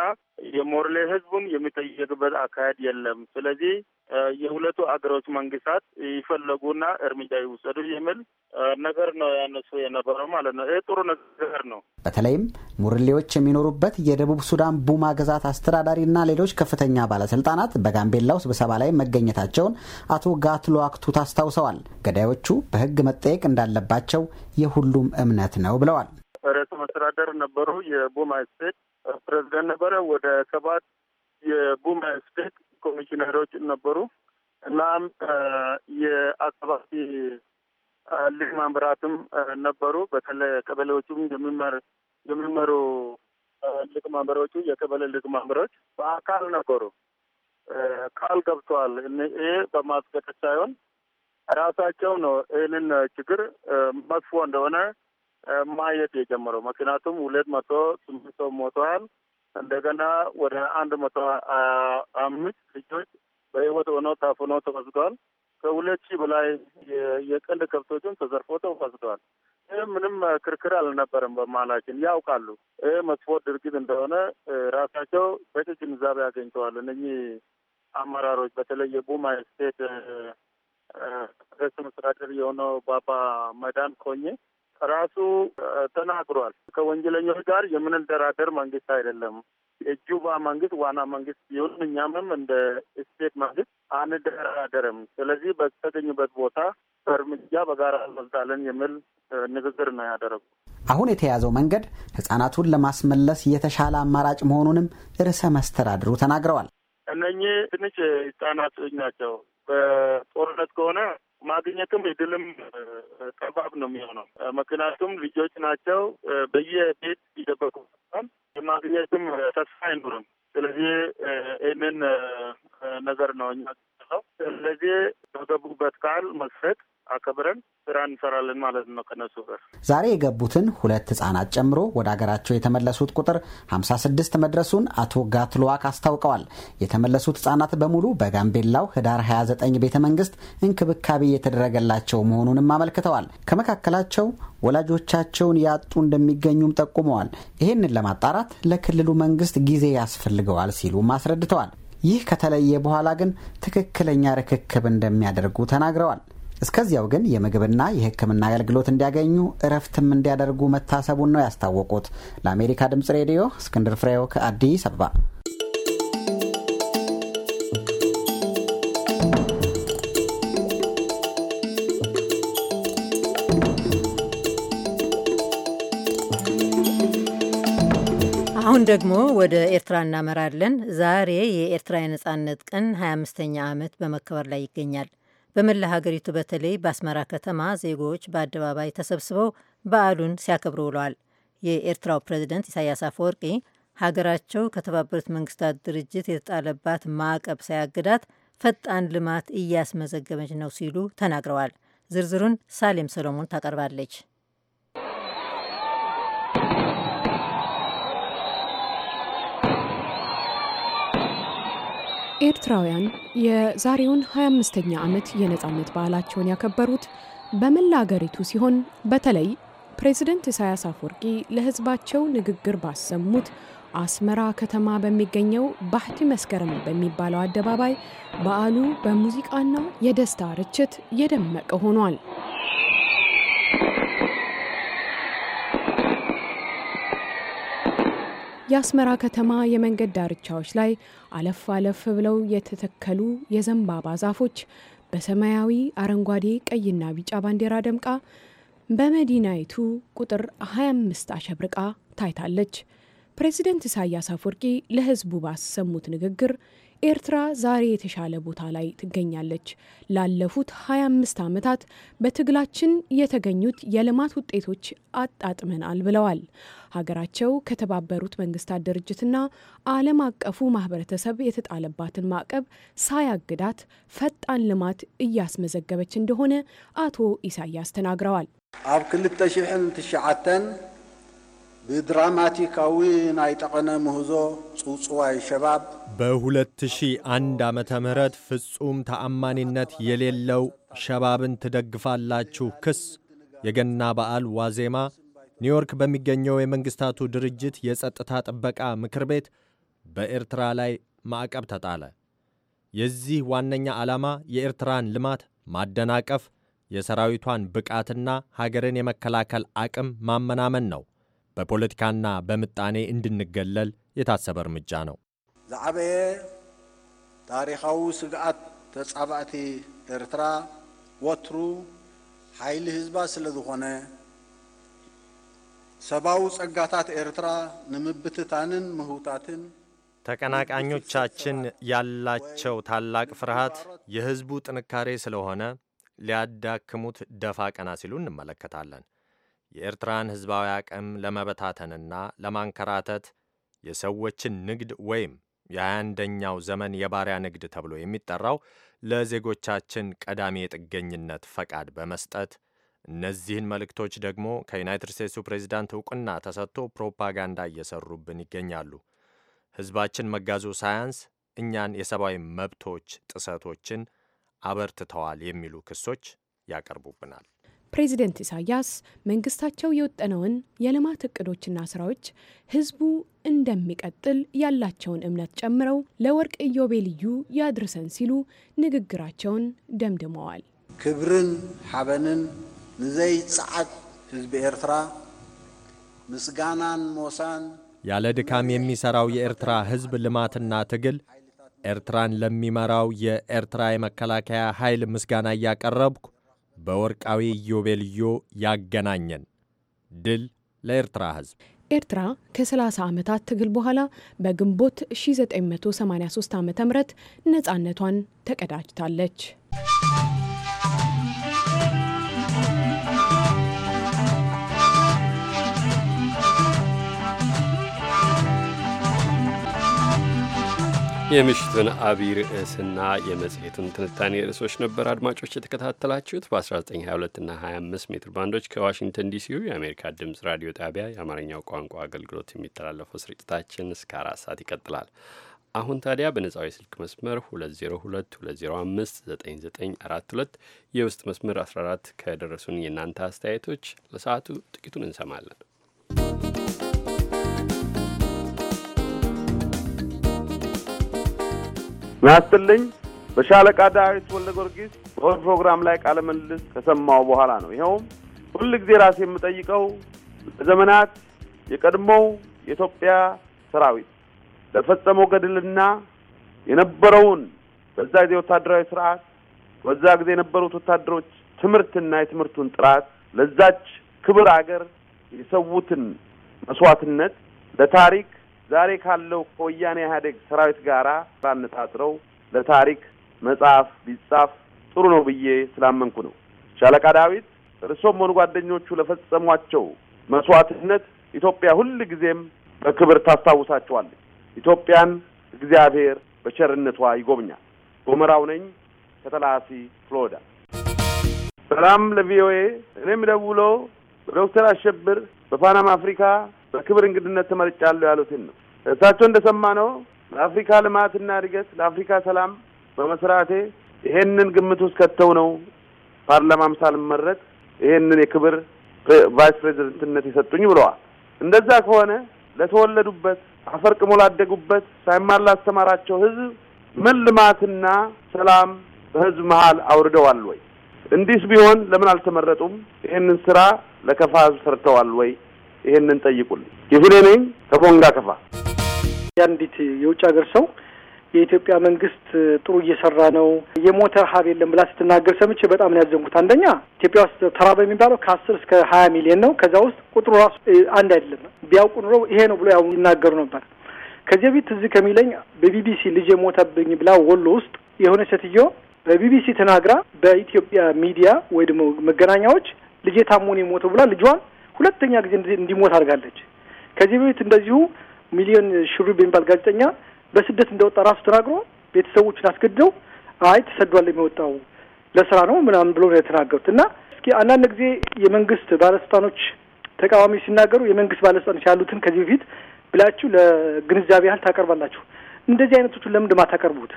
የሞርሌ ህዝቡን የሚጠየቅበት አካሄድ የለም። ስለዚህ የሁለቱ አገሮች መንግስታት ይፈለጉና እርምጃ ይውሰዱ የሚል ነገር ነው ያነሱ የነበረው ማለት ነው። ይህ ጥሩ ነገር ነው። በተለይም ሙርሌዎች የሚኖሩበት የደቡብ ሱዳን ቡማ ግዛት አስተዳዳሪና ሌሎች ከፍተኛ ባለስልጣናት በጋምቤላው ስብሰባ ላይ መገኘታቸውን አቶ ጋትሉዋክቱት አስታውሰዋል። ገዳዮቹ በህግ መጠየቅ እንዳለባቸው የሁሉም እምነት ነው ብለዋል። ርዕሰ መስተዳደር ነበሩ። የቡማ ስቴት ፕሬዚደንት ነበረ። ወደ ሰባት የቡማ ስቴት ኮሚሽነሮች ነበሩ። እናም የአካባቢ ልዩ መምራትም ነበሩ። በተለይ ቀበሌዎቹም የሚመር የሚመሩ ልቅ ማህበሮቹ የቀበሌ ልቅ ማህበሮች በአካል ነበሩ። ቃል ገብተዋል። ይሄ በማስገደድ ሳይሆን ራሳቸው ነው ይህንን ችግር መጥፎ እንደሆነ ማየት የጀመረው። ምክንያቱም ሁለት መቶ ስምንት ሰው ሞተዋል። እንደገና ወደ አንድ መቶ አምስት ልጆች በህይወት ሆነው ታፍኖ ተወስደዋል። ከሁለት ሺህ በላይ የቀንድ ከብቶችን ተዘርፎ ተወስደዋል። ይህ ምንም ክርክር አልነበረም። በመሀላችን ያውቃሉ ይህ መጥፎ ድርጊት እንደሆነ ራሳቸው በቂ ግንዛቤ አገኝተዋል። እነኚህ አመራሮች በተለይ የቡማ ስቴት ርዕሰ መስተዳድር የሆነው ባባ መዳን ኮኜ ራሱ ተናግሯል። ከወንጀለኞች ጋር የምንደራደር መንግስት አይደለም። የጁባ መንግስት ዋና መንግስት ቢሆን እኛምም እንደ ስቴት መንግስት አንደራደርም። ስለዚህ በተገኙበት ቦታ እርምጃ በጋራ እንወስዳለን የሚል ንግግር ነው ያደረጉ። አሁን የተያዘው መንገድ ህጻናቱን ለማስመለስ የተሻለ አማራጭ መሆኑንም ርዕሰ መስተዳድሩ ተናግረዋል። እነኚህ ትንሽ ህጻናቶች ናቸው። በጦርነት ከሆነ ማግኘትም እድልም ጠባብ ነው የሚሆነው። ምክንያቱም ልጆች ናቸው በየቤት ይደበቁ ማግኘትም ተስፋ አይኖርም። ስለዚህ ይህንን ነገር ነው እኛ ስለዚህ በገቡበት ቃል መስረት አከብረን ስራ እንሰራለን ማለት ነው። ከነሱ ጋር ዛሬ የገቡትን ሁለት ህጻናት ጨምሮ ወደ አገራቸው የተመለሱት ቁጥር 56 መድረሱን አቶ ጋትሉዋክ አስታውቀዋል። የተመለሱት ህጻናት በሙሉ በጋምቤላው ህዳር 29 ቤተ መንግስት እንክብካቤ የተደረገላቸው መሆኑንም አመልክተዋል። ከመካከላቸው ወላጆቻቸውን ያጡ እንደሚገኙም ጠቁመዋል። ይህንን ለማጣራት ለክልሉ መንግስት ጊዜ ያስፈልገዋል ሲሉም አስረድተዋል። ይህ ከተለየ በኋላ ግን ትክክለኛ ርክክብ እንደሚያደርጉ ተናግረዋል። እስከዚያው ግን የምግብና የሕክምና አገልግሎት እንዲያገኙ እረፍትም እንዲያደርጉ መታሰቡን ነው ያስታወቁት። ለአሜሪካ ድምጽ ሬዲዮ እስክንድር ፍሬው ከአዲስ አበባ። አሁን ደግሞ ወደ ኤርትራ እናመራለን። ዛሬ የኤርትራ የነጻነት ቀን 25ኛ ዓመት በመከበር ላይ ይገኛል። በመላ ሀገሪቱ በተለይ በአስመራ ከተማ ዜጎች በአደባባይ ተሰብስበው በዓሉን ሲያከብሩ ውለዋል። የኤርትራው ፕሬዚደንት ኢሳያስ አፈወርቂ ሀገራቸው ከተባበሩት መንግስታት ድርጅት የተጣለባት ማዕቀብ ሳያግዳት ፈጣን ልማት እያስመዘገበች ነው ሲሉ ተናግረዋል። ዝርዝሩን ሳሌም ሰሎሞን ታቀርባለች። ኤርትራውያን የዛሬውን 25ኛ ዓመት የነፃነት በዓላቸውን ያከበሩት በመላ አገሪቱ ሲሆን በተለይ ፕሬዝደንት ኢሳያስ አፈወርቂ ለሕዝባቸው ንግግር ባሰሙት አስመራ ከተማ በሚገኘው ባህቲ መስከረም በሚባለው አደባባይ በዓሉ በሙዚቃና የደስታ ርችት የደመቀ ሆኗል። የአስመራ ከተማ የመንገድ ዳርቻዎች ላይ አለፍ አለፍ ብለው የተተከሉ የዘንባባ ዛፎች በሰማያዊ፣ አረንጓዴ፣ ቀይና ቢጫ ባንዲራ ደምቃ በመዲናይቱ ቁጥር 25 አሸብርቃ ታይታለች። ፕሬዚደንት ኢሳያስ አፈወርቂ ለሕዝቡ ባሰሙት ንግግር ኤርትራ ዛሬ የተሻለ ቦታ ላይ ትገኛለች። ላለፉት 25 ዓመታት በትግላችን የተገኙት የልማት ውጤቶች አጣጥመናል ብለዋል። ሀገራቸው ከተባበሩት መንግስታት ድርጅትና ዓለም አቀፉ ማህበረተሰብ የተጣለባትን ማዕቀብ ሳያግዳት ፈጣን ልማት እያስመዘገበች እንደሆነ አቶ ኢሳያስ ተናግረዋል። አብ ክልተ ብድራማቲካዊ ናይ ጠቐነ ምህዞ ጽውጽዋይ ሸባብ በ2001 ዓመተ ምህረት ፍጹም ተአማኒነት የሌለው ሸባብን ትደግፋላችሁ ክስ የገና በዓል ዋዜማ ኒውዮርክ በሚገኘው የመንግሥታቱ ድርጅት የጸጥታ ጥበቃ ምክር ቤት በኤርትራ ላይ ማዕቀብ ተጣለ። የዚህ ዋነኛ ዓላማ የኤርትራን ልማት ማደናቀፍ፣ የሰራዊቷን ብቃትና ሀገርን የመከላከል አቅም ማመናመን ነው። በፖለቲካና በምጣኔ እንድንገለል የታሰበ እርምጃ ነው። ዝዓበየ ታሪካዊ ስግኣት ተጻባእቲ ኤርትራ ወትሩ ሓይሊ ህዝባ ስለ ዝኾነ ሰብአዊ ጸጋታት ኤርትራ ንምብትታንን ምህውታትን ተቀናቃኞቻችን ያላቸው ታላቅ ፍርሃት የህዝቡ ጥንካሬ ስለሆነ ሊያዳክሙት ደፋ ቀና ሲሉ እንመለከታለን። የኤርትራን ሕዝባዊ አቅም ለመበታተንና ለማንከራተት የሰዎችን ንግድ ወይም የ21ኛው ዘመን የባሪያ ንግድ ተብሎ የሚጠራው ለዜጎቻችን ቀዳሚ የጥገኝነት ፈቃድ በመስጠት እነዚህን መልእክቶች ደግሞ ከዩናይትድ ስቴትሱ ፕሬዚዳንት እውቅና ተሰጥቶ ፕሮፓጋንዳ እየሰሩብን ይገኛሉ። ሕዝባችን መጋዙ ሳያንስ እኛን የሰብአዊ መብቶች ጥሰቶችን አበርትተዋል የሚሉ ክሶች ያቀርቡብናል። ፕሬዚደንት ኢሳያስ መንግስታቸው የወጠነውን የልማት እቅዶችና ስራዎች ህዝቡ እንደሚቀጥል ያላቸውን እምነት ጨምረው ለወርቅ ኢዮቤልዩ ያድርሰን ሲሉ ንግግራቸውን ደምድመዋል። ክብርን ሓበንን ጸዓት ህዝቢ ኤርትራ ምስጋናን ሞሳን ያለ ድካም የሚሠራው የኤርትራ ህዝብ ልማትና ትግል ኤርትራን ለሚመራው የኤርትራ የመከላከያ ኃይል ምስጋና እያቀረብኩ በወርቃዊ ዮቤልዮ ያገናኘን። ድል ለኤርትራ ህዝብ ኤርትራ ከ30 ዓመታት ትግል በኋላ በግንቦት 1983 ዓ ም ነፃነቷን ተቀዳጅታለች። የምሽቱን አብይ ርዕስና የመጽሔቱን ትንታኔ ርዕሶች ነበር አድማጮች የተከታተላችሁት። በ1922 እና 25 ሜትር ባንዶች ከዋሽንግተን ዲሲው የአሜሪካ ድምፅ ራዲዮ ጣቢያ የአማርኛው ቋንቋ አገልግሎት የሚተላለፈው ስርጭታችን እስከ አራት ሰዓት ይቀጥላል። አሁን ታዲያ በነጻው የስልክ መስመር 2022059942 የውስጥ መስመር 14 ከደረሱን የእናንተ አስተያየቶች ለሰዓቱ ጥቂቱን እንሰማለን። ናስትልኝ በሻለቃ ዳዊት ወልደ ጊዮርጊስ በሆድ ፕሮግራም ላይ ቃለ ምልልስ ከሰማው በኋላ ነው። ይኸውም ሁል ጊዜ ራሴ የምጠይቀው ለዘመናት የቀድሞው የኢትዮጵያ ሰራዊት ለፈጸመው ገድልና የነበረውን በዛ ጊዜ ወታደራዊ ስርዓት በዛ ጊዜ የነበሩት ወታደሮች ትምህርትና የትምህርቱን ጥራት ለዛች ክብር አገር የሰዉትን መስዋዕትነት ለታሪክ ዛሬ ካለው ከወያኔ ኢህአዴግ ሰራዊት ጋራ አነጻጽረው ለታሪክ መጽሐፍ ቢጻፍ ጥሩ ነው ብዬ ስላመንኩ ነው። ሻለቃ ዳዊት እርሶም ሆኑ ጓደኞቹ ለፈጸሟቸው መስዋዕትነት ኢትዮጵያ ሁል ጊዜም በክብር ታስታውሳቸዋለች። ኢትዮጵያን እግዚአብሔር በቸርነቷ ይጎብኛል። ጎመራው ነኝ ከተላሲ ፍሎሪዳ። ሰላም ለቪኦኤ። እኔ የምደውለው በዶክተር አሸብር በፓናማ አፍሪካ በክብር እንግድነት ተመርጫለሁ ያሉትን ነው። እሳቸው እንደሰማ ነው ለአፍሪካ ልማትና እድገት ለአፍሪካ ሰላም በመስራቴ ይሄንን ግምት ውስጥ ከተው ነው ፓርላማም ሳልመረጥ ይሄንን የክብር ቫይስ ፕሬዚደንትነት የሰጡኝ ብለዋል። እንደዛ ከሆነ ለተወለዱበት አፈር ቅሞ ላደጉበት ሳይማር ላስተማራቸው ህዝብ ምን ልማትና ሰላም በህዝብ መሀል አውርደዋል ወይ? እንዲስ ቢሆን ለምን አልተመረጡም? ይሄንን ስራ ለከፋ ህዝብ ሰርተዋል ወይ? ይሄንን ጠይቁልኝ። ይሁኔ ነኝ ከቦንጋ ከፋ የአንዲት የውጭ ሀገር ሰው የኢትዮጵያ መንግስት ጥሩ እየሰራ ነው የሞተ ረሀብ የለም ብላ ስትናገር ሰምቼ በጣም ነው ያዘንኩት። አንደኛ ኢትዮጵያ ውስጥ ተራ በሚባለው ከአስር እስከ ሀያ ሚሊዮን ነው። ከዛ ውስጥ ቁጥሩ ራሱ አንድ አይደለም። ቢያውቁ ኑሮ ይሄ ነው ብሎ ያው ይናገሩ ነበር። ከዚህ በፊት እዚህ ከሚለኝ በቢቢሲ ልጅ የሞተብኝ ብላ ወሎ ውስጥ የሆነ ሴትዮ በቢቢሲ ተናግራ በኢትዮጵያ ሚዲያ ወይ ደግሞ መገናኛዎች ልጄ ታሞን የሞተው ብላ ልጇን ሁለተኛ ጊዜ እንዲሞት አድርጋለች። ከዚህ በፊት እንደዚሁ ሚሊዮን ሽሩ የሚባል ጋዜጠኛ በስደት እንደወጣ ራሱ ተናግሮ ቤተሰቦችን አስገድደው አይ ተሰዷል የሚወጣው ለስራ ነው ምናምን ብሎ ነው የተናገሩት። እና እስኪ አንዳንድ ጊዜ የመንግስት ባለስልጣኖች ተቃዋሚ ሲናገሩ የመንግስት ባለስልጣኖች ያሉትን ከዚህ በፊት ብላችሁ ለግንዛቤ ያህል ታቀርባላችሁ። እንደዚህ አይነቶቹን ለምንድን ማታቀርቡት?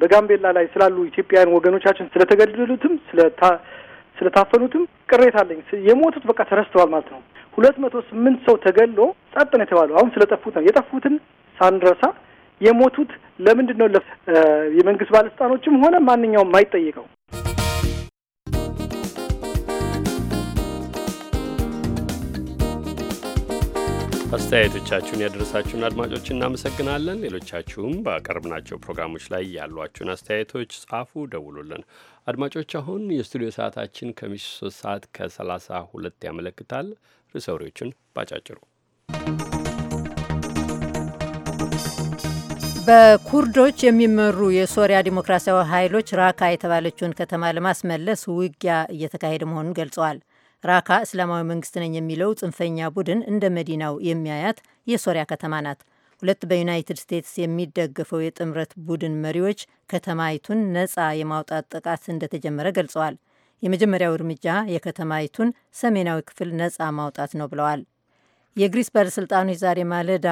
በጋምቤላ ላይ ስላሉ ኢትዮጵያውያን ወገኖቻችን ስለተገደሉትም ስለታፈኑትም ቅሬታ አለኝ። የሞቱት በቃ ተረስተዋል ማለት ነው። ሁለት መቶ ስምንት ሰው ተገሎ ጸጥ ነው የተባለው። አሁን ስለጠፉት ነው የጠፉትን ሳንረሳ የሞቱት ለምንድን ነው? የመንግስት ባለስልጣኖችም ሆነ ማንኛውም የማይጠየቀው አስተያየቶቻችሁን ያደረሳችሁን አድማጮች እናመሰግናለን። ሌሎቻችሁም ባቀረብናቸው ፕሮግራሞች ላይ ያሏችሁን አስተያየቶች ጻፉ፣ ደውሉልን። አድማጮች አሁን የስቱዲዮ ሰዓታችን ከምሽቱ ሶስት ሰዓት ከሰላሳ ሁለት ያመለክታል። ርዕሰ ወሬዎችን ባጫጭሩ በኩርዶች የሚመሩ የሶሪያ ዲሞክራሲያዊ ኃይሎች ራካ የተባለችውን ከተማ ለማስመለስ ውጊያ እየተካሄደ መሆኑን ገልጸዋል። ራካ እስላማዊ መንግስት ነኝ የሚለው ጽንፈኛ ቡድን እንደ መዲናው የሚያያት የሶሪያ ከተማ ናት። ሁለት በዩናይትድ ስቴትስ የሚደገፈው የጥምረት ቡድን መሪዎች ከተማይቱን ነፃ የማውጣት ጥቃት እንደተጀመረ ገልጸዋል። የመጀመሪያው እርምጃ የከተማይቱን ሰሜናዊ ክፍል ነጻ ማውጣት ነው ብለዋል። የግሪስ ባለሥልጣኖች ዛሬ ማለዳ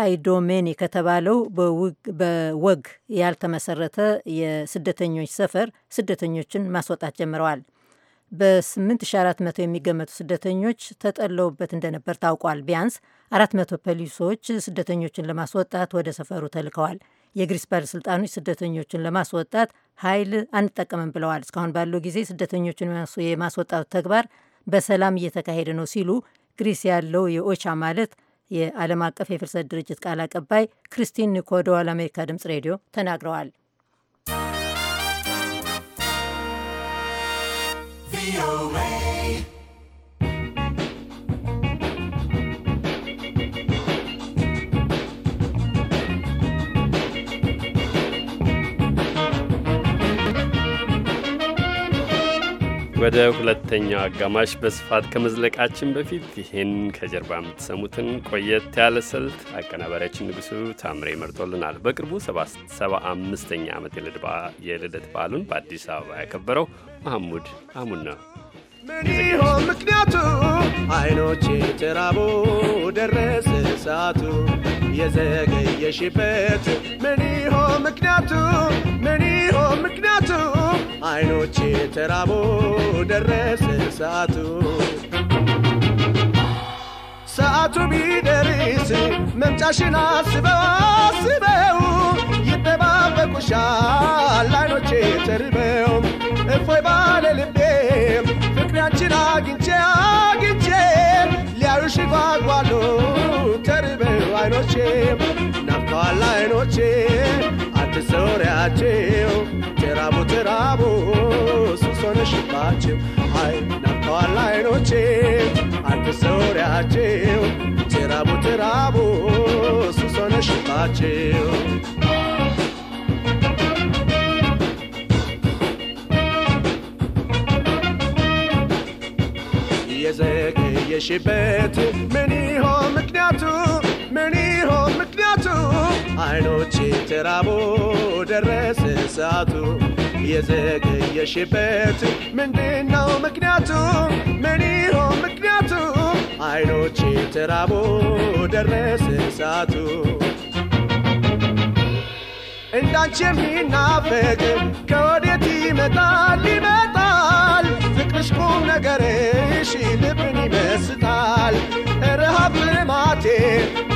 አይዶሜኔ ከተባለው በወግ ያልተመሰረተ የስደተኞች ሰፈር ስደተኞችን ማስወጣት ጀምረዋል። በ8400 የሚገመቱ ስደተኞች ተጠለውበት እንደነበር ታውቋል። ቢያንስ 400 ፖሊሶች ስደተኞችን ለማስወጣት ወደ ሰፈሩ ተልከዋል። የግሪስ ባለሥልጣኖች ስደተኞችን ለማስወጣት ኃይል አንጠቀምም ብለዋል። እስካሁን ባለው ጊዜ ስደተኞችን የማስወጣቱ ተግባር በሰላም እየተካሄደ ነው ሲሉ ግሪስ ያለው የኦቻ ማለት የዓለም አቀፍ የፍልሰት ድርጅት ቃል አቀባይ ክርስቲን ኒኮዶዋ ለአሜሪካ ድምፅ ሬዲዮ ተናግረዋል። ቪኦኤ ወደ ሁለተኛው አጋማሽ በስፋት ከመዝለቃችን በፊት ይህን ከጀርባ የምትሰሙትን ቆየት ያለ ስልት አቀናባሪያችን ንጉሱ ታምሬ መርጦልናል። በቅርቡ ሰባ አምስተኛ ዓመት የልደት በዓሉን በአዲስ አበባ ያከበረው መሐሙድ አሙን ነው። ምክንያቱ አይኖቼ ተራቦ ደረሰ ሰዓቱ የዘገየሽበት ምን ሆ ምክንያቱ? ምን ሆ ምክንያቱ? አይኖች ተራቦ ደረሰ ሰዓቱ ሰዓቱ ቢደርስ መምጫሽን አስበው አስበው ይጠባበቁሻል አይኖቼ ተርበው እፎይ ባለ ልቤም ፍቅሪያችን አግኝቼ አግኝቼ ሊያዩሽ ጓጓሉ ተርበው አይኖቼ ናፍቀዋል አይኖቼ አዲስ ዙሪያቸው ትራቡ ትራቡ ሱስ ሆነሽባቸው አይ ናፍቀዋል አይኖቼ አዲስ ዙሪያቸው ትራቡ ትራቡ ሱስ የሽበት ምን ይሆን ምክንያቱ ምን ይሆን ምክንያቱ አይኖች ተራቦ ደረሰ ሰዓቱ የዘገየሽበት ምንድነው ምክንያቱ ምን ይሆን ምክንያቱ አይኖቼ ተራቦ ደረሰ ሰዓቱ እንዳንቺ የሚናፈቅ ከወዴት ይመጣል ይመጣል ያለብሽ ቁም ነገርሽ ልብን ይመስጣል ረሃብ ልማቴ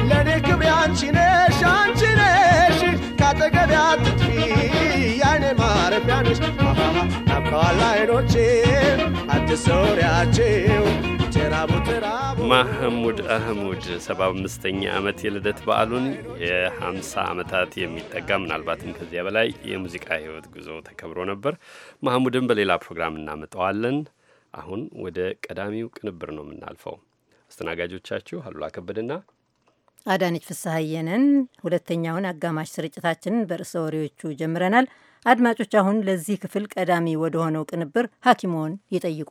ለእኔ ክብር አንቺ ነሽ አንቺ ነሽ ካጠገቤ አትጥፊ ያኔ አይኖቼ አትሰውሪያቸው ማህሙድ አህሙድ ሰባ አምስተኛ ዓመት የልደት በዓሉን የሀምሳ ዓመታት የሚጠጋ ምናልባትም ከዚያ በላይ የሙዚቃ ህይወት ጉዞ ተከብሮ ነበር። ማህሙድን በሌላ ፕሮግራም እናመጣዋለን። አሁን ወደ ቀዳሚው ቅንብር ነው የምናልፈው። አስተናጋጆቻችሁ አሉላ ከበድና አዳነች ፍስሐየንን ሁለተኛውን አጋማሽ ስርጭታችንን በርዕሰ ወሬዎቹ ጀምረናል። አድማጮች፣ አሁን ለዚህ ክፍል ቀዳሚ ወደ ሆነው ቅንብር ሐኪሞን ይጠይቁ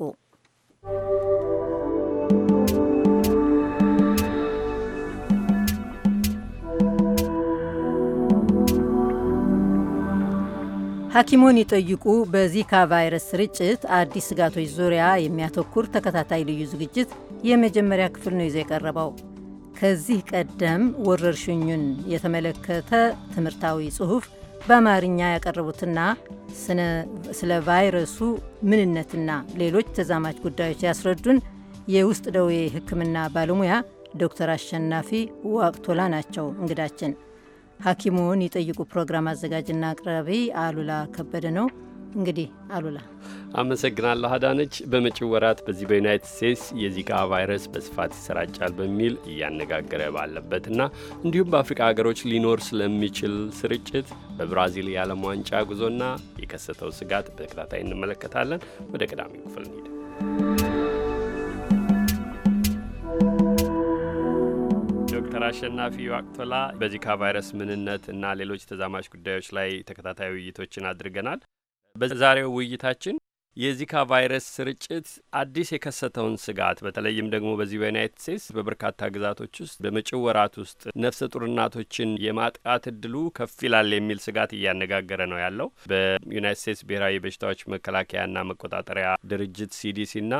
ሐኪሞን ይጠይቁ በዚካ ቫይረስ ስርጭት አዲስ ስጋቶች ዙሪያ የሚያተኩር ተከታታይ ልዩ ዝግጅት የመጀመሪያ ክፍል ነው ይዞ የቀረበው። ከዚህ ቀደም ወረርሽኙን የተመለከተ ትምህርታዊ ጽሑፍ በአማርኛ ያቀረቡትና ስለ ቫይረሱ ምንነትና ሌሎች ተዛማች ጉዳዮች ያስረዱን የውስጥ ደዌ ሕክምና ባለሙያ ዶክተር አሸናፊ ዋቅቶላ ናቸው እንግዳችን። ሐኪሙን ይጠይቁ ፕሮግራም አዘጋጅና አቅራቢ አሉላ ከበደ ነው። እንግዲህ አሉላ አመሰግናለሁ አዳነች። በመጪው ወራት በዚህ በዩናይትድ ስቴትስ የዚካ ቫይረስ በስፋት ይሰራጫል በሚል እያነጋገረ ባለበትና እንዲሁም በአፍሪካ ሀገሮች ሊኖር ስለሚችል ስርጭት በብራዚል የዓለም ዋንጫ ጉዞና የከሰተው ስጋት በተከታታይ እንመለከታለን። ወደ ቀዳሚው ክፍል እንሂድ። ዶክተር አሸናፊ ዋቅቶላ በዚካ ቫይረስ ምንነት እና ሌሎች ተዛማች ጉዳዮች ላይ ተከታታይ ውይይቶችን አድርገናል። በዛሬው ውይይታችን የዚካ ቫይረስ ስርጭት አዲስ የከሰተውን ስጋት በተለይም ደግሞ በዚህ በዩናይትድ ስቴትስ በበርካታ ግዛቶች ውስጥ በመጪው ወራት ውስጥ ነፍሰ ጡር እናቶችን የማጥቃት እድሉ ከፍ ይላል የሚል ስጋት እያነጋገረ ነው ያለው በዩናይትድ ስቴትስ ብሔራዊ በሽታዎች መከላከያና መቆጣጠሪያ ድርጅት ሲዲሲና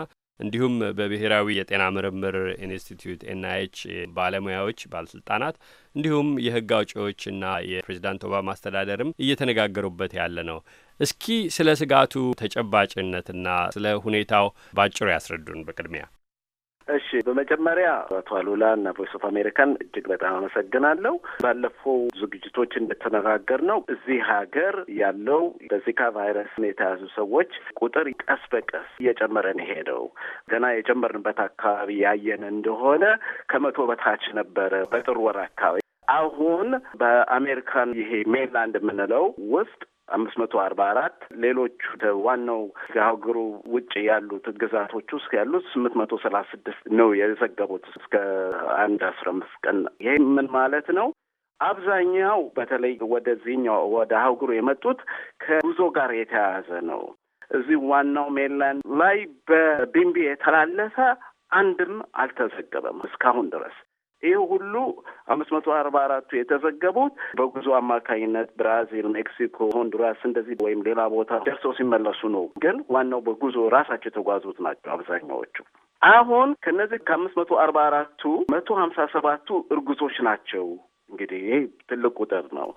እንዲሁም በብሔራዊ የጤና ምርምር ኢንስቲትዩት ኤንአይች ባለሙያዎች፣ ባለስልጣናት እንዲሁም የህግ አውጪዎችና የፕሬዚዳንት ኦባማ አስተዳደርም እየተነጋገሩበት ያለ ነው። እስኪ ስለ ስጋቱ ተጨባጭነትና ስለ ሁኔታው ባጭሩ ያስረዱን በቅድሚያ። እሺ በመጀመሪያ አቶ አሉላ እና ቮይስ ኦፍ አሜሪካን እጅግ በጣም አመሰግናለሁ። ባለፈው ዝግጅቶች እንደተነጋገር ነው እዚህ ሀገር ያለው በዚካ ቫይረስ የተያዙ ሰዎች ቁጥር ቀስ በቀስ እየጨመረ ነው ሄደው ገና የጀመርንበት አካባቢ ያየን እንደሆነ ከመቶ በታች ነበረ በጥር ወር አካባቢ። አሁን በአሜሪካን ይሄ ሜንላንድ የምንለው ውስጥ አምስት መቶ አርባ አራት ሌሎቹ ዋናው ከሀገሩ ውጭ ያሉት ግዛቶች ውስጥ ያሉት ስምንት መቶ ሰላሳ ስድስት ነው የዘገቡት እስከ አንድ አስራ አምስት ቀን ይህ ምን ማለት ነው? አብዛኛው በተለይ ወደዚህኛው ወደ ሀገሩ የመጡት ከጉዞ ጋር የተያያዘ ነው። እዚህ ዋናው ሜንላንድ ላይ በቢምቢ የተላለፈ አንድም አልተዘገበም እስካሁን ድረስ። ይህ ሁሉ አምስት መቶ አርባ አራቱ የተዘገቡት በጉዞ አማካኝነት ብራዚል፣ ሜክሲኮ፣ ሆንዱራስ እንደዚህ ወይም ሌላ ቦታ ደርሰው ሲመለሱ ነው። ግን ዋናው በጉዞ ራሳቸው የተጓዙት ናቸው አብዛኛዎቹ። አሁን ከነዚህ ከአምስት መቶ አርባ አራቱ መቶ ሀምሳ ሰባቱ እርጉዞች ናቸው። እንግዲህ ይህ ትልቅ ቁጥር ነው።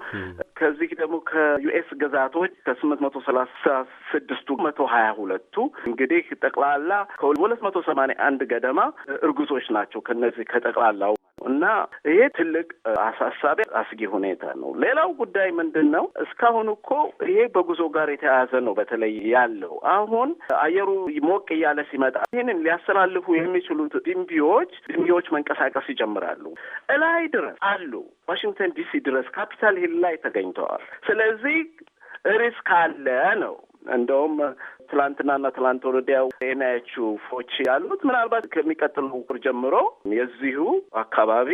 ከዚህ ደግሞ ከዩኤስ ግዛቶች ከስምንት መቶ ሰላሳ ስድስቱ መቶ ሀያ ሁለቱ እንግዲህ ጠቅላላ ከሁለት መቶ ሰማንያ አንድ ገደማ እርጉዞች ናቸው ከነዚህ ከጠቅላላው እና ይሄ ትልቅ አሳሳቢ አስጊ ሁኔታ ነው። ሌላው ጉዳይ ምንድን ነው? እስካሁን እኮ ይሄ በጉዞ ጋር የተያያዘ ነው። በተለይ ያለው አሁን አየሩ ሞቅ እያለ ሲመጣ ይህንን ሊያስተላልፉ የሚችሉት ድንቢዎች ድንቢዎች መንቀሳቀስ ይጀምራሉ። እላይ ድረስ አሉ፣ ዋሽንግተን ዲሲ ድረስ ካፒታል ሂል ላይ ተገኝተዋል። ስለዚህ ሪስክ ካለ ነው። እንደውም ትላንትናና ትላንት ወረዲያ ኤንአይቹ ፎች ያሉት ምናልባት ከሚቀጥለው ወር ጀምሮ የዚሁ አካባቢ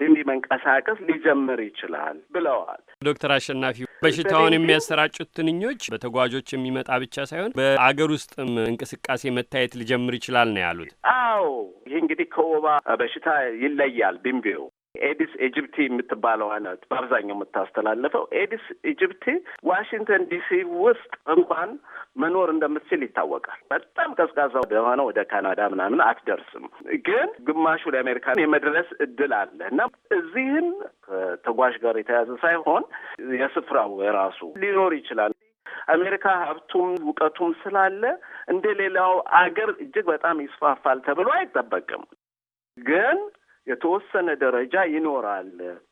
ቢንቢ መንቀሳቀስ ሊጀምር ይችላል ብለዋል ዶክተር አሸናፊ። በሽታውን የሚያሰራጩት ትንኞች በተጓዦች የሚመጣ ብቻ ሳይሆን በአገር ውስጥም እንቅስቃሴ መታየት ሊጀምር ይችላል ነው ያሉት። አዎ ይህ እንግዲህ ከወባ በሽታ ይለያል ቢንቢው ኤዲስ ኢጅፕቲ የምትባለዋ ናት በአብዛኛው የምታስተላልፈው። ኤዲስ ኢጅፕቲ ዋሽንግተን ዲሲ ውስጥ እንኳን መኖር እንደምትችል ይታወቃል። በጣም ቀዝቃዛ የሆነ ወደ ካናዳ ምናምን አትደርስም፣ ግን ግማሹ ለአሜሪካን የመድረስ እድል አለ እና እዚህም ከተጓዥ ጋር የተያዘ ሳይሆን የስፍራው የራሱ ሊኖር ይችላል። አሜሪካ ሀብቱም እውቀቱም ስላለ እንደ ሌላው አገር እጅግ በጣም ይስፋፋል ተብሎ አይጠበቅም ግን የተወሰነ ደረጃ ይኖራል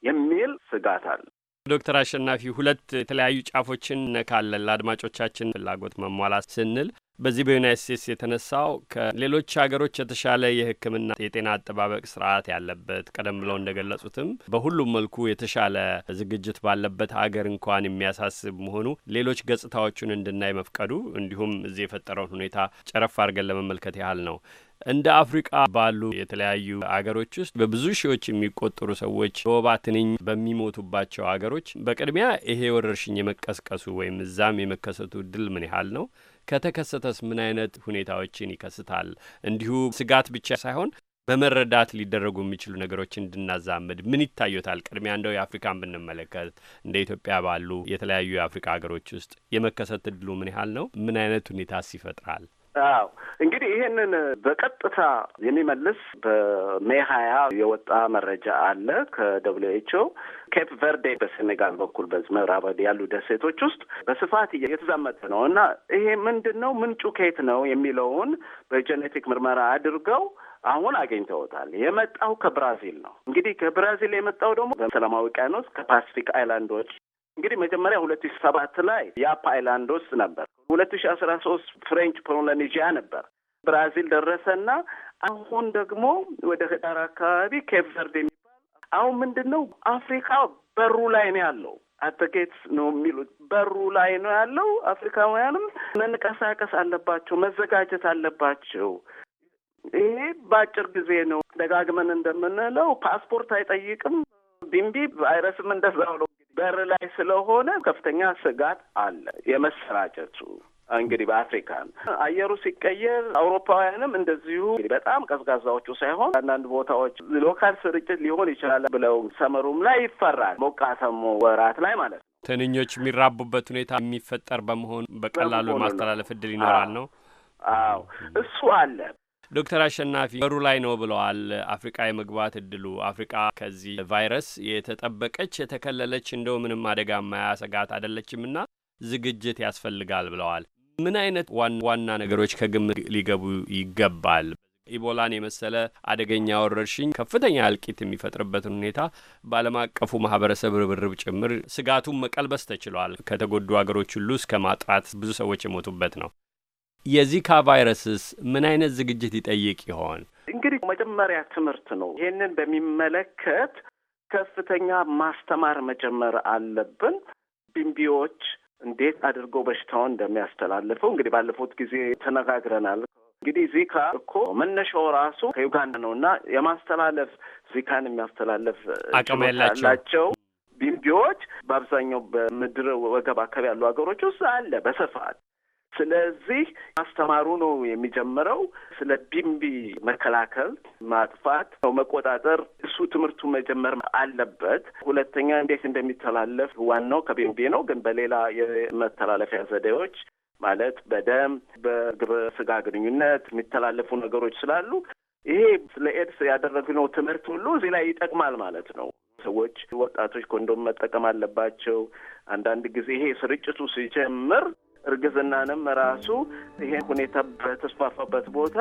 የሚል ስጋት አለ። ዶክተር አሸናፊ ሁለት የተለያዩ ጫፎችን ነካለን ለአድማጮቻችን ፍላጎት መሟላት ስንል በዚህ በዩናይት ስቴትስ የተነሳው ከሌሎች ሀገሮች የተሻለ የሕክምና የጤና አጠባበቅ ስርዓት ያለበት ቀደም ብለው እንደገለጹትም በሁሉም መልኩ የተሻለ ዝግጅት ባለበት ሀገር እንኳን የሚያሳስብ መሆኑ ሌሎች ገጽታዎቹን እንድናይ መፍቀዱ እንዲሁም እዚህ የፈጠረውን ሁኔታ ጨረፍ አድርገን ለመመልከት ያህል ነው። እንደ አፍሪቃ ባሉ የተለያዩ አገሮች ውስጥ በብዙ ሺዎች የሚቆጠሩ ሰዎች በወባ ትንኝ በሚሞቱባቸው አገሮች በቅድሚያ ይሄ ወረርሽኝ የመቀስቀሱ ወይም እዛም የመከሰቱ እድል ምን ያህል ነው? ከተከሰተስ ምን አይነት ሁኔታዎችን ይከስታል? እንዲሁ ስጋት ብቻ ሳይሆን በመረዳት ሊደረጉ የሚችሉ ነገሮች እንድናዛምድ ምን ይታዩታል? ቅድሚያ እንደው የአፍሪካን ብንመለከት እንደ ኢትዮጵያ ባሉ የተለያዩ የአፍሪካ ሀገሮች ውስጥ የመከሰት እድሉ ምን ያህል ነው? ምን አይነት ሁኔታስ ይፈጥራል? አዎ እንግዲህ ይሄንን በቀጥታ የሚመልስ በሜ ሀያ የወጣ መረጃ አለ ከደብሊው ኤች ኦ ኬፕ ቨርዴ በሴኔጋል በኩል በዚህ ያሉ ደሴቶች ውስጥ በስፋት እየተዛመተ ነው እና ይሄ ምንድን ነው ምንጩ ኬት ነው የሚለውን በጄኔቲክ ምርመራ አድርገው አሁን አግኝተውታል። የመጣው ከብራዚል ነው። እንግዲህ ከብራዚል የመጣው ደግሞ በሰላማዊ ውቅያኖስ ከፓስፊክ አይላንዶች እንግዲህ መጀመሪያ ሁለት ሺ ሰባት ላይ ያፕ አይላንዶስ ነበር። ሁለት ሺ አስራ ሶስት ፍሬንች ፖሎኔዥያ ነበር። ብራዚል ደረሰና አሁን ደግሞ ወደ ህዳር አካባቢ ኬፕ ቨርድ የሚባል አሁን ምንድን ነው አፍሪካ በሩ ላይ ነው ያለው አተጌት ነው የሚሉት በሩ ላይ ነው ያለው። አፍሪካውያንም መንቀሳቀስ አለባቸው፣ መዘጋጀት አለባቸው። ይሄ በአጭር ጊዜ ነው። ደጋግመን እንደምንለው ፓስፖርት አይጠይቅም። ቢምቢ ቫይረስም እንደዛው ነው። በር ላይ ስለሆነ ከፍተኛ ስጋት አለ የመሰራጨቱ። እንግዲህ በአፍሪካን አየሩ ሲቀየር አውሮፓውያንም እንደዚሁ በጣም ቀዝቃዛዎቹ ሳይሆን አንዳንድ ቦታዎች ሎካል ስርጭት ሊሆን ይችላል ብለው ሰመሩም ላይ ይፈራል። ሞቃተሙ ወራት ላይ ማለት ነው። ትንኞች የሚራቡበት ሁኔታ የሚፈጠር በመሆን በቀላሉ የማስተላለፍ እድል ይኖራል ነው። አዎ እሱ አለ። ዶክተር አሸናፊ በሩ ላይ ነው ብለዋል። አፍሪቃ የመግባት እድሉ አፍሪቃ ከዚህ ቫይረስ የተጠበቀች የተከለለች እንደው ምንም አደጋ ማያሰጋት አይደለችምና ዝግጅት ያስፈልጋል ብለዋል። ምን አይነት ዋና ዋና ነገሮች ከግምት ሊገቡ ይገባል? ኢቦላን የመሰለ አደገኛ ወረርሽኝ ከፍተኛ እልቂት የሚፈጥርበትን ሁኔታ በዓለም አቀፉ ማህበረሰብ ርብርብ ጭምር ስጋቱን መቀልበስ ተችሏል። ከተጎዱ ሀገሮች ሁሉ እስከ ማጥራት ብዙ ሰዎች የሞቱበት ነው። የዚካ ቫይረስስ ምን አይነት ዝግጅት ይጠይቅ ይሆን? እንግዲህ መጀመሪያ ትምህርት ነው። ይህንን በሚመለከት ከፍተኛ ማስተማር መጀመር አለብን። ቢምቢዎች እንዴት አድርገው በሽታውን እንደሚያስተላልፈው እንግዲህ ባለፉት ጊዜ ተነጋግረናል። እንግዲህ ዚካ እኮ መነሻው ራሱ ከዩጋንዳ ነው እና የማስተላለፍ ዚካን የሚያስተላለፍ አቅም ያላቸው ቢምቢዎች በአብዛኛው በምድር ወገብ አካባቢ ያሉ ሀገሮች ውስጥ አለ በስፋት ስለዚህ ማስተማሩ ነው የሚጀምረው። ስለ ቢምቢ መከላከል፣ ማጥፋት መቆጣጠር። እሱ ትምህርቱ መጀመር አለበት። ሁለተኛ እንዴት እንደሚተላለፍ ዋናው ከቢምቢ ነው፣ ግን በሌላ የመተላለፊያ ዘዴዎች ማለት በደም በግብረ ስጋ ግንኙነት የሚተላለፉ ነገሮች ስላሉ ይሄ ስለ ኤድስ ያደረግነው ትምህርት ሁሉ እዚህ ላይ ይጠቅማል ማለት ነው። ሰዎች፣ ወጣቶች ኮንዶም መጠቀም አለባቸው። አንዳንድ ጊዜ ይሄ ስርጭቱ ሲጀምር እርግዝናንም ራሱ ይሄ ሁኔታ በተስፋፋበት ቦታ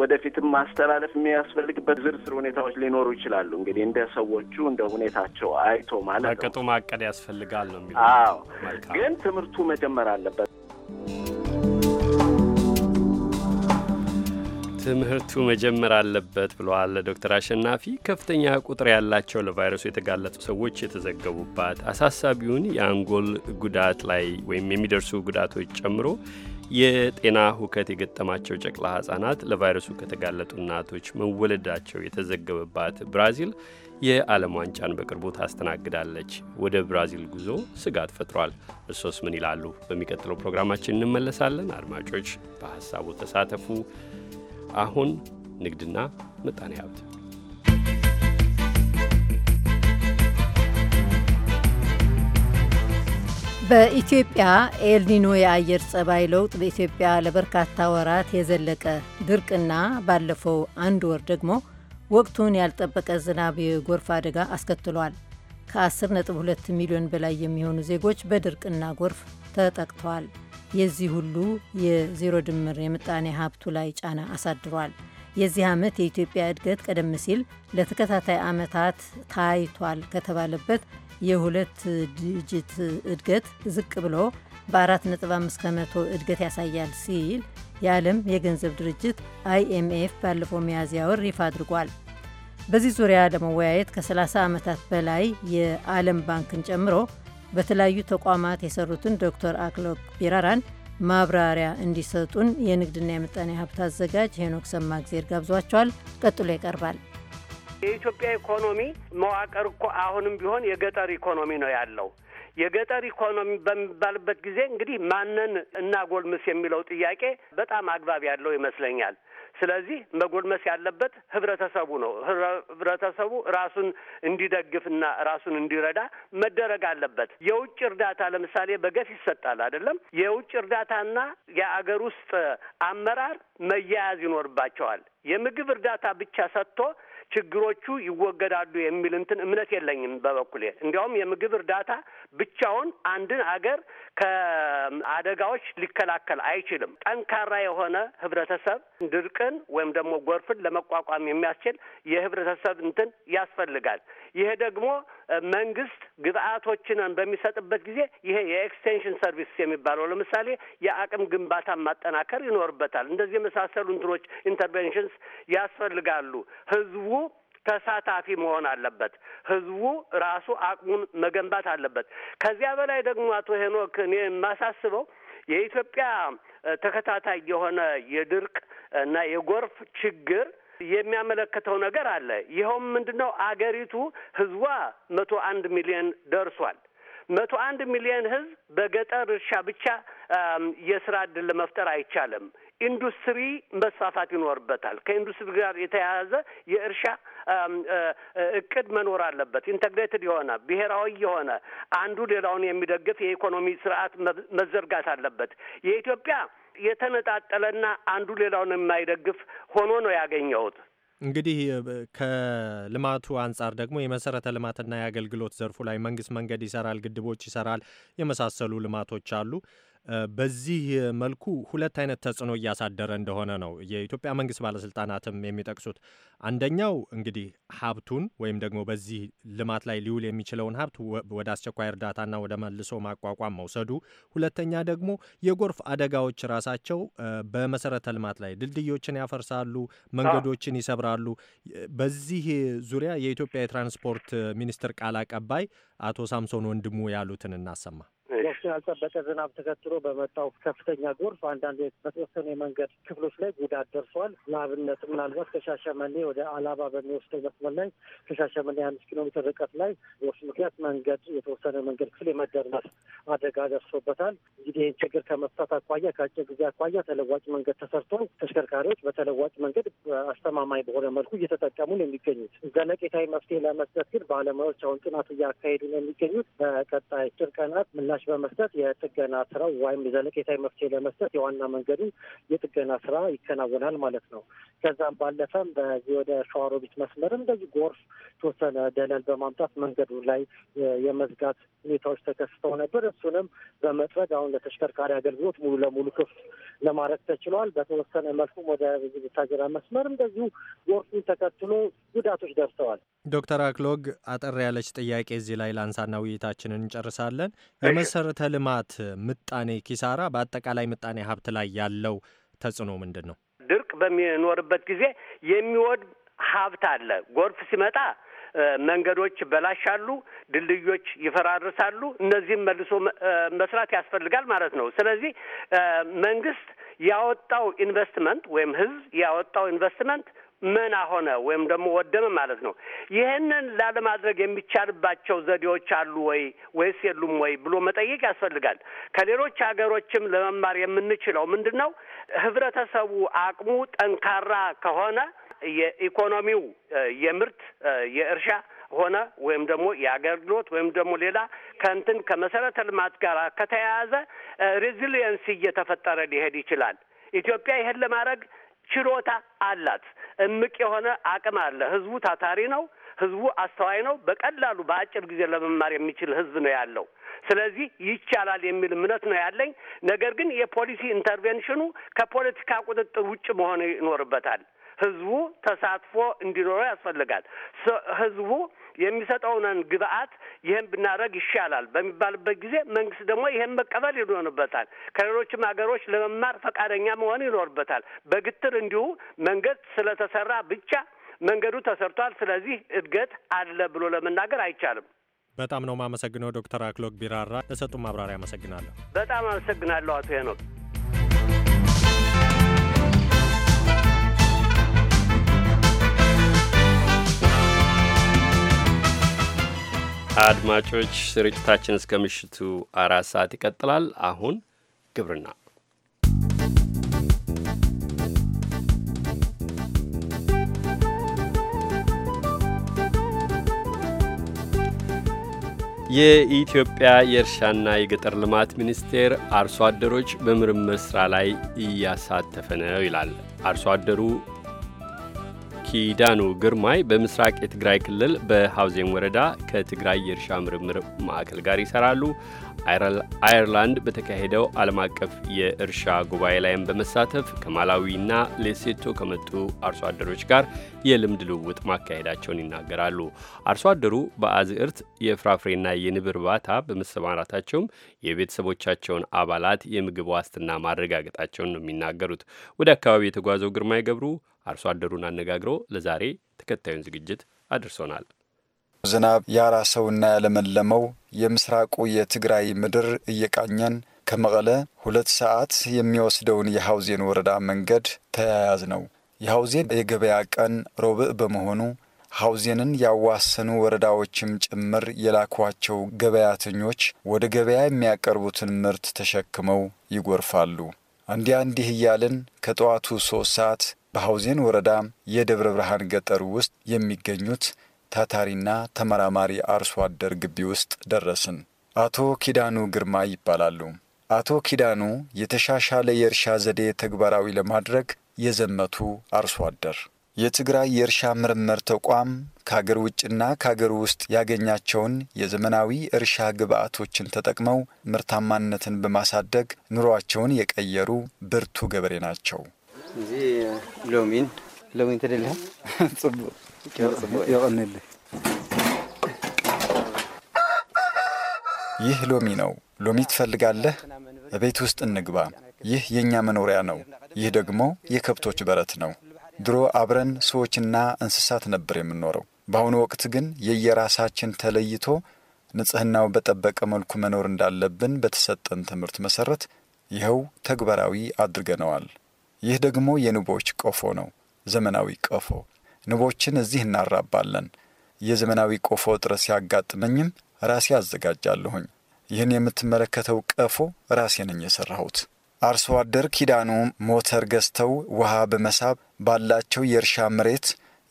ወደፊትም ማስተላለፍ የሚያስፈልግበት ዝርዝር ሁኔታዎች ሊኖሩ ይችላሉ። እንግዲህ እንደ ሰዎቹ እንደ ሁኔታቸው አይቶ ማለት ነው። ቅጡ ማቀድ ያስፈልጋል ነው የሚለው። አዎ፣ ግን ትምህርቱ መጀመር አለበት። ትምህርቱ መጀመር አለበት ብለዋል ዶክተር አሸናፊ። ከፍተኛ ቁጥር ያላቸው ለቫይረሱ የተጋለጡ ሰዎች የተዘገቡባት አሳሳቢውን የአንጎል ጉዳት ላይ ወይም የሚደርሱ ጉዳቶች ጨምሮ የጤና ሁከት የገጠማቸው ጨቅላ ህጻናት ለቫይረሱ ከተጋለጡ እናቶች መወለዳቸው የተዘገበባት ብራዚል የዓለም ዋንጫን በቅርቡ ታስተናግዳለች። ወደ ብራዚል ጉዞ ስጋት ፈጥሯል። እርሶስ ምን ይላሉ? በሚቀጥለው ፕሮግራማችን እንመለሳለን። አድማጮች በሀሳቡ ተሳተፉ። አሁን ንግድና ምጣኔ ሀብት በኢትዮጵያ ኤልኒኖ የአየር ጸባይ ለውጥ በኢትዮጵያ ለበርካታ ወራት የዘለቀ ድርቅና ባለፈው አንድ ወር ደግሞ ወቅቱን ያልጠበቀ ዝናብ የጎርፍ አደጋ አስከትሏል። ከ10.2 ሚሊዮን በላይ የሚሆኑ ዜጎች በድርቅና ጎርፍ ተጠቅተዋል። የዚህ ሁሉ የዜሮ ድምር የምጣኔ ሀብቱ ላይ ጫና አሳድሯል። የዚህ ዓመት የኢትዮጵያ እድገት ቀደም ሲል ለተከታታይ ዓመታት ታይቷል ከተባለበት የሁለት ዲጂት እድገት ዝቅ ብሎ በ4.5 ከመቶ እድገት ያሳያል ሲል የዓለም የገንዘብ ድርጅት አይኤምኤፍ ባለፈው ሚያዝያ ወር ይፋ አድርጓል። በዚህ ዙሪያ ለመወያየት ከ30 ዓመታት በላይ የዓለም ባንክን ጨምሮ በተለያዩ ተቋማት የሰሩትን ዶክተር አክሎግ ቢራራን ማብራሪያ እንዲሰጡን የንግድና የምጣኔ ሀብት አዘጋጅ ሄኖክ ሰማግዜር ጋብዟቸዋል። ቀጥሎ ይቀርባል። የኢትዮጵያ ኢኮኖሚ መዋቅር እኮ አሁንም ቢሆን የገጠር ኢኮኖሚ ነው ያለው። የገጠር ኢኮኖሚ በሚባልበት ጊዜ እንግዲህ ማንን እናጎልምስ የሚለው ጥያቄ በጣም አግባብ ያለው ይመስለኛል። ስለዚህ መጎልመስ ያለበት ህብረተሰቡ ነው። ህብረተሰቡ ራሱን እንዲደግፍና ራሱን እንዲረዳ መደረግ አለበት። የውጭ እርዳታ ለምሳሌ በገፍ ይሰጣል አይደለም። የውጭ እርዳታና የአገር ውስጥ አመራር መያያዝ ይኖርባቸዋል። የምግብ እርዳታ ብቻ ሰጥቶ ችግሮቹ ይወገዳሉ የሚል እንትን እምነት የለኝም በበኩሌ። እንዲያውም የምግብ እርዳታ ብቻውን አንድን አገር ከአደጋዎች ሊከላከል አይችልም። ጠንካራ የሆነ ህብረተሰብ ድርቅን ወይም ደግሞ ጎርፍን ለመቋቋም የሚያስችል የህብረተሰብ እንትን ያስፈልጋል። ይሄ ደግሞ መንግስት ግብአቶችን በሚሰጥበት ጊዜ ይሄ የኤክስቴንሽን ሰርቪስ የሚባለው ለምሳሌ የአቅም ግንባታ ማጠናከር ይኖርበታል። እንደዚህ የመሳሰሉ እንትኖች ኢንተርቬንሽንስ ያስፈልጋሉ። ህዝቡ ተሳታፊ መሆን አለበት። ህዝቡ ራሱ አቅሙን መገንባት አለበት። ከዚያ በላይ ደግሞ አቶ ሄኖክ እኔ የማሳስበው የኢትዮጵያ ተከታታይ የሆነ የድርቅ እና የጎርፍ ችግር የሚያመለክተው ነገር አለ። ይኸውም ምንድን ነው? አገሪቱ ህዝቧ መቶ አንድ ሚሊዮን ደርሷል። መቶ አንድ ሚሊዮን ህዝብ በገጠር እርሻ ብቻ የስራ እድል ለመፍጠር አይቻልም። ኢንዱስትሪ መስፋፋት ይኖርበታል። ከኢንዱስትሪ ጋር የተያያዘ የእርሻ እቅድ መኖር አለበት። ኢንተግሬትድ የሆነ ብሔራዊ የሆነ አንዱ ሌላውን የሚደግፍ የኢኮኖሚ ስርዓት መዘርጋት አለበት። የኢትዮጵያ የተነጣጠለና አንዱ ሌላውን የማይደግፍ ሆኖ ነው ያገኘሁት። እንግዲህ ከልማቱ አንጻር ደግሞ የመሰረተ ልማትና የአገልግሎት ዘርፉ ላይ መንግስት መንገድ ይሰራል፣ ግድቦች ይሰራል፣ የመሳሰሉ ልማቶች አሉ። በዚህ መልኩ ሁለት አይነት ተጽዕኖ እያሳደረ እንደሆነ ነው የኢትዮጵያ መንግስት ባለስልጣናትም የሚጠቅሱት። አንደኛው እንግዲህ ሀብቱን ወይም ደግሞ በዚህ ልማት ላይ ሊውል የሚችለውን ሀብት ወደ አስቸኳይ እርዳታና ወደ መልሶ ማቋቋም መውሰዱ፣ ሁለተኛ ደግሞ የጎርፍ አደጋዎች ራሳቸው በመሰረተ ልማት ላይ ድልድዮችን ያፈርሳሉ፣ መንገዶችን ይሰብራሉ። በዚህ ዙሪያ የኢትዮጵያ የትራንስፖርት ሚኒስትር ቃል አቀባይ አቶ ሳምሶን ወንድሙ ያሉትን እናሰማ። ወቅቱን ያልጠበቀ ዝናብ ተከትሎ በመጣው ከፍተኛ ጎርፍ አንዳንድ በተወሰኑ የመንገድ ክፍሎች ላይ ጉዳት ደርሷል። ለአብነት ምናልባት ከሻሸመኔ ወደ አላባ በሚወስደው መስመር ላይ ከሻሸመኔ አምስት ኪሎ ሜትር ርቀት ላይ ጎርፍ ምክንያት መንገድ የተወሰነ መንገድ ክፍል የመደርመስ አደጋ ደርሶበታል። እንግዲህ ይህን ችግር ከመፍታት አኳያ ከአጭር ጊዜ አኳያ ተለዋጭ መንገድ ተሰርቶ ተሽከርካሪዎች በተለዋጭ መንገድ አስተማማኝ በሆነ መልኩ እየተጠቀሙ ነው የሚገኙት። ዘለቄታዊ መፍትሄ ለመስጠት ግን ባለሙያዎች አሁን ጥናት እያካሄዱ ነው የሚገኙት። በቀጣይ ጭር ቀናት ምላሽ በ ለመስጠት የጥገና ስራ ወይም ዘለቄታዊ መፍትሄ ለመስጠት የዋና መንገዱ የጥገና ስራ ይከናወናል ማለት ነው። ከዛም ባለፈም በዚህ ወደ ሸዋሮቢት መስመር እንደዚህ ጎርፍ ተወሰነ ደለል በማምጣት መንገዱ ላይ የመዝጋት ሁኔታዎች ተከስተው ነበር። እሱንም በመጥረግ አሁን ለተሽከርካሪ አገልግሎት ሙሉ ለሙሉ ክፍት ለማድረግ ተችሏል። በተወሰነ መልኩም ወደ ታጀራ መስመር እንደዚሁ ጎርፉን ተከትሎ ጉዳቶች ደርሰዋል። ዶክተር አክሎግ አጠር ያለች ጥያቄ እዚህ ላይ ላንሳና ውይይታችንን እንጨርሳለን። የመሰረ የመሰረተ ልማት ምጣኔ ኪሳራ በአጠቃላይ ምጣኔ ሀብት ላይ ያለው ተጽዕኖ ምንድን ነው? ድርቅ በሚኖርበት ጊዜ የሚወድ ሀብት አለ። ጎርፍ ሲመጣ መንገዶች በላሻሉ፣ ድልድዮች ይፈራርሳሉ። እነዚህም መልሶ መስራት ያስፈልጋል ማለት ነው። ስለዚህ መንግስት ያወጣው ኢንቨስትመንት ወይም ህዝብ ያወጣው ኢንቨስትመንት መና ሆነ ወይም ደግሞ ወደመ ማለት ነው። ይህንን ላለማድረግ የሚቻልባቸው ዘዴዎች አሉ ወይ ወይስ የሉም ወይ ብሎ መጠየቅ ያስፈልጋል። ከሌሎች ሀገሮችም ለመማር የምንችለው ምንድን ነው? ህብረተሰቡ አቅሙ ጠንካራ ከሆነ የኢኮኖሚው የምርት የእርሻ ሆነ ወይም ደግሞ የአገልግሎት ወይም ደግሞ ሌላ ከእንትን ከመሰረተ ልማት ጋር ከተያያዘ ሬዚሊየንስ እየተፈጠረ ሊሄድ ይችላል። ኢትዮጵያ ይሄን ለማድረግ ችሎታ አላት። እምቅ የሆነ አቅም አለ። ህዝቡ ታታሪ ነው። ህዝቡ አስተዋይ ነው። በቀላሉ በአጭር ጊዜ ለመማር የሚችል ህዝብ ነው ያለው። ስለዚህ ይቻላል የሚል እምነት ነው ያለኝ። ነገር ግን የፖሊሲ ኢንተርቬንሽኑ ከፖለቲካ ቁጥጥር ውጭ መሆን ይኖርበታል። ህዝቡ ተሳትፎ እንዲኖረው ያስፈልጋል። ህዝቡ የሚሰጠውንን ግብአት ይህን ብናደረግ ይሻላል በሚባልበት ጊዜ መንግስት ደግሞ ይህን መቀበል ይኖርበታል። ከሌሎችም ሀገሮች ለመማር ፈቃደኛ መሆን ይኖርበታል። በግትር እንዲሁ መንገድ ስለተሰራ ብቻ መንገዱ ተሰርቷል፣ ስለዚህ እድገት አለ ብሎ ለመናገር አይቻልም። በጣም ነው የማመሰግነው ዶክተር አክሎግ ቢራራ ለሰጡ ማብራሪያ አመሰግናለሁ። በጣም አመሰግናለሁ አቶ ሄኖክ። አድማጮች ስርጭታችን እስከ ምሽቱ አራት ሰዓት ይቀጥላል። አሁን ግብርና የኢትዮጵያ የእርሻና የገጠር ልማት ሚኒስቴር አርሶ አደሮች በምርምር ስራ ላይ እያሳተፈ ነው ይላል። አርሶ አደሩ ኪዳኑ ግርማይ በምስራቅ የትግራይ ክልል በሐውዜን ወረዳ ከትግራይ የእርሻ ምርምር ማዕከል ጋር ይሰራሉ። አየርላንድ በተካሄደው ዓለም አቀፍ የእርሻ ጉባኤ ላይም በመሳተፍ ከማላዊና ሌሴቶ ከመጡ አርሶ አደሮች ጋር የልምድ ልውውጥ ማካሄዳቸውን ይናገራሉ። አርሶ አደሩ በአዝዕርት የፍራፍሬና የንብ እርባታ በመሰማራታቸውም የቤተሰቦቻቸውን አባላት የምግብ ዋስትና ማረጋገጣቸውን ነው የሚናገሩት። ወደ አካባቢ የተጓዘው ግርማይ ገብሩ አርሶ አደሩን አነጋግሮ ለዛሬ ተከታዩን ዝግጅት አድርሶናል። ዝናብ ያራሰውና ያለመለመው የምስራቁ የትግራይ ምድር እየቃኘን ከመቀለ ሁለት ሰዓት የሚወስደውን የሐውዜን ወረዳ መንገድ ተያያዝ ነው። የሐውዜን የገበያ ቀን ሮብዕ በመሆኑ ሐውዜንን ያዋሰኑ ወረዳዎችም ጭምር የላኳቸው ገበያተኞች ወደ ገበያ የሚያቀርቡትን ምርት ተሸክመው ይጎርፋሉ። እንዲያ እንዲህ እያልን ከጠዋቱ ሦስት ሰዓት በሐውዜን ወረዳ የደብረ ብርሃን ገጠር ውስጥ የሚገኙት ታታሪና ተመራማሪ አርሶ አደር ግቢ ውስጥ ደረስን። አቶ ኪዳኑ ግርማ ይባላሉ። አቶ ኪዳኑ የተሻሻለ የእርሻ ዘዴ ተግባራዊ ለማድረግ የዘመቱ አርሶ አደር የትግራይ የእርሻ ምርምር ተቋም ከአገር ውጭና ከአገር ውስጥ ያገኛቸውን የዘመናዊ እርሻ ግብዓቶችን ተጠቅመው ምርታማነትን በማሳደግ ኑሯቸውን የቀየሩ ብርቱ ገበሬ ናቸው። እዚ ሎሚን ሎሚን ተደልሃ ጽቡቅ ይህ ሎሚ ነው። ሎሚ ትፈልጋለህ? በቤት ውስጥ እንግባ። ይህ የእኛ መኖሪያ ነው። ይህ ደግሞ የከብቶች በረት ነው። ድሮ አብረን ሰዎችና እንስሳት ነበር የምንኖረው። በአሁኑ ወቅት ግን የየራሳችን ተለይቶ ንጽህናው በጠበቀ መልኩ መኖር እንዳለብን በተሰጠን ትምህርት መሰረት ይኸው ተግባራዊ አድርገነዋል። ይህ ደግሞ የንቦች ቀፎ ነው፣ ዘመናዊ ቀፎ። ንቦችን እዚህ እናራባለን። የዘመናዊ ቆፎ እጥረት ሲያጋጥመኝም ራሴ አዘጋጃለሁኝ። ይህን የምትመለከተው ቀፎ ራሴ ነኝ የሠራሁት። አርሶ አደር ኪዳኑ ሞተር ገዝተው ውሃ በመሳብ ባላቸው የእርሻ መሬት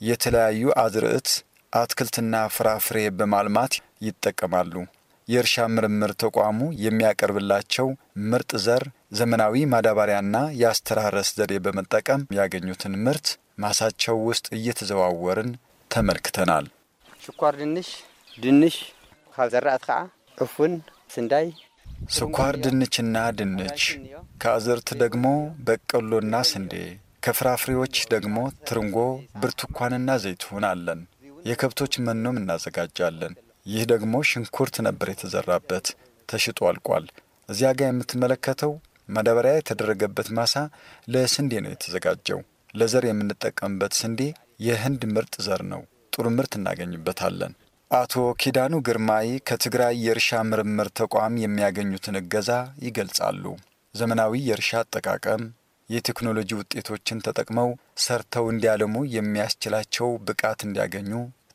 የተለያዩ አዝርዕት፣ አትክልትና ፍራፍሬ በማልማት ይጠቀማሉ። የእርሻ ምርምር ተቋሙ የሚያቀርብላቸው ምርጥ ዘር ዘመናዊ ማዳበሪያና የአስተራረስ ዘዴ በመጠቀም ያገኙትን ምርት ማሳቸው ውስጥ እየተዘዋወርን ተመልክተናል። ስኳር ድንሽ፣ ድንሽ ካብ ዘራእት ከዓ ዕፉን፣ ስንዳይ፣ ስኳር ድንችና ድንች ከአዝርት ደግሞ በቆሎና ስንዴ ከፍራፍሬዎች ደግሞ ትርንጎ፣ ብርቱካንና ዘይትሁን አለን። የከብቶች መኖም እናዘጋጃለን። ይህ ደግሞ ሽንኩርት ነበር የተዘራበት፣ ተሽጦ አልቋል። እዚያ ጋር የምትመለከተው ማዳበሪያ የተደረገበት ማሳ ለስንዴ ነው የተዘጋጀው። ለዘር የምንጠቀምበት ስንዴ የህንድ ምርጥ ዘር ነው። ጥሩ ምርት እናገኝበታለን። አቶ ኪዳኑ ግርማይ ከትግራይ የእርሻ ምርምር ተቋም የሚያገኙትን እገዛ ይገልጻሉ። ዘመናዊ የእርሻ አጠቃቀም፣ የቴክኖሎጂ ውጤቶችን ተጠቅመው ሰርተው እንዲያለሙ የሚያስችላቸው ብቃት እንዲያገኙ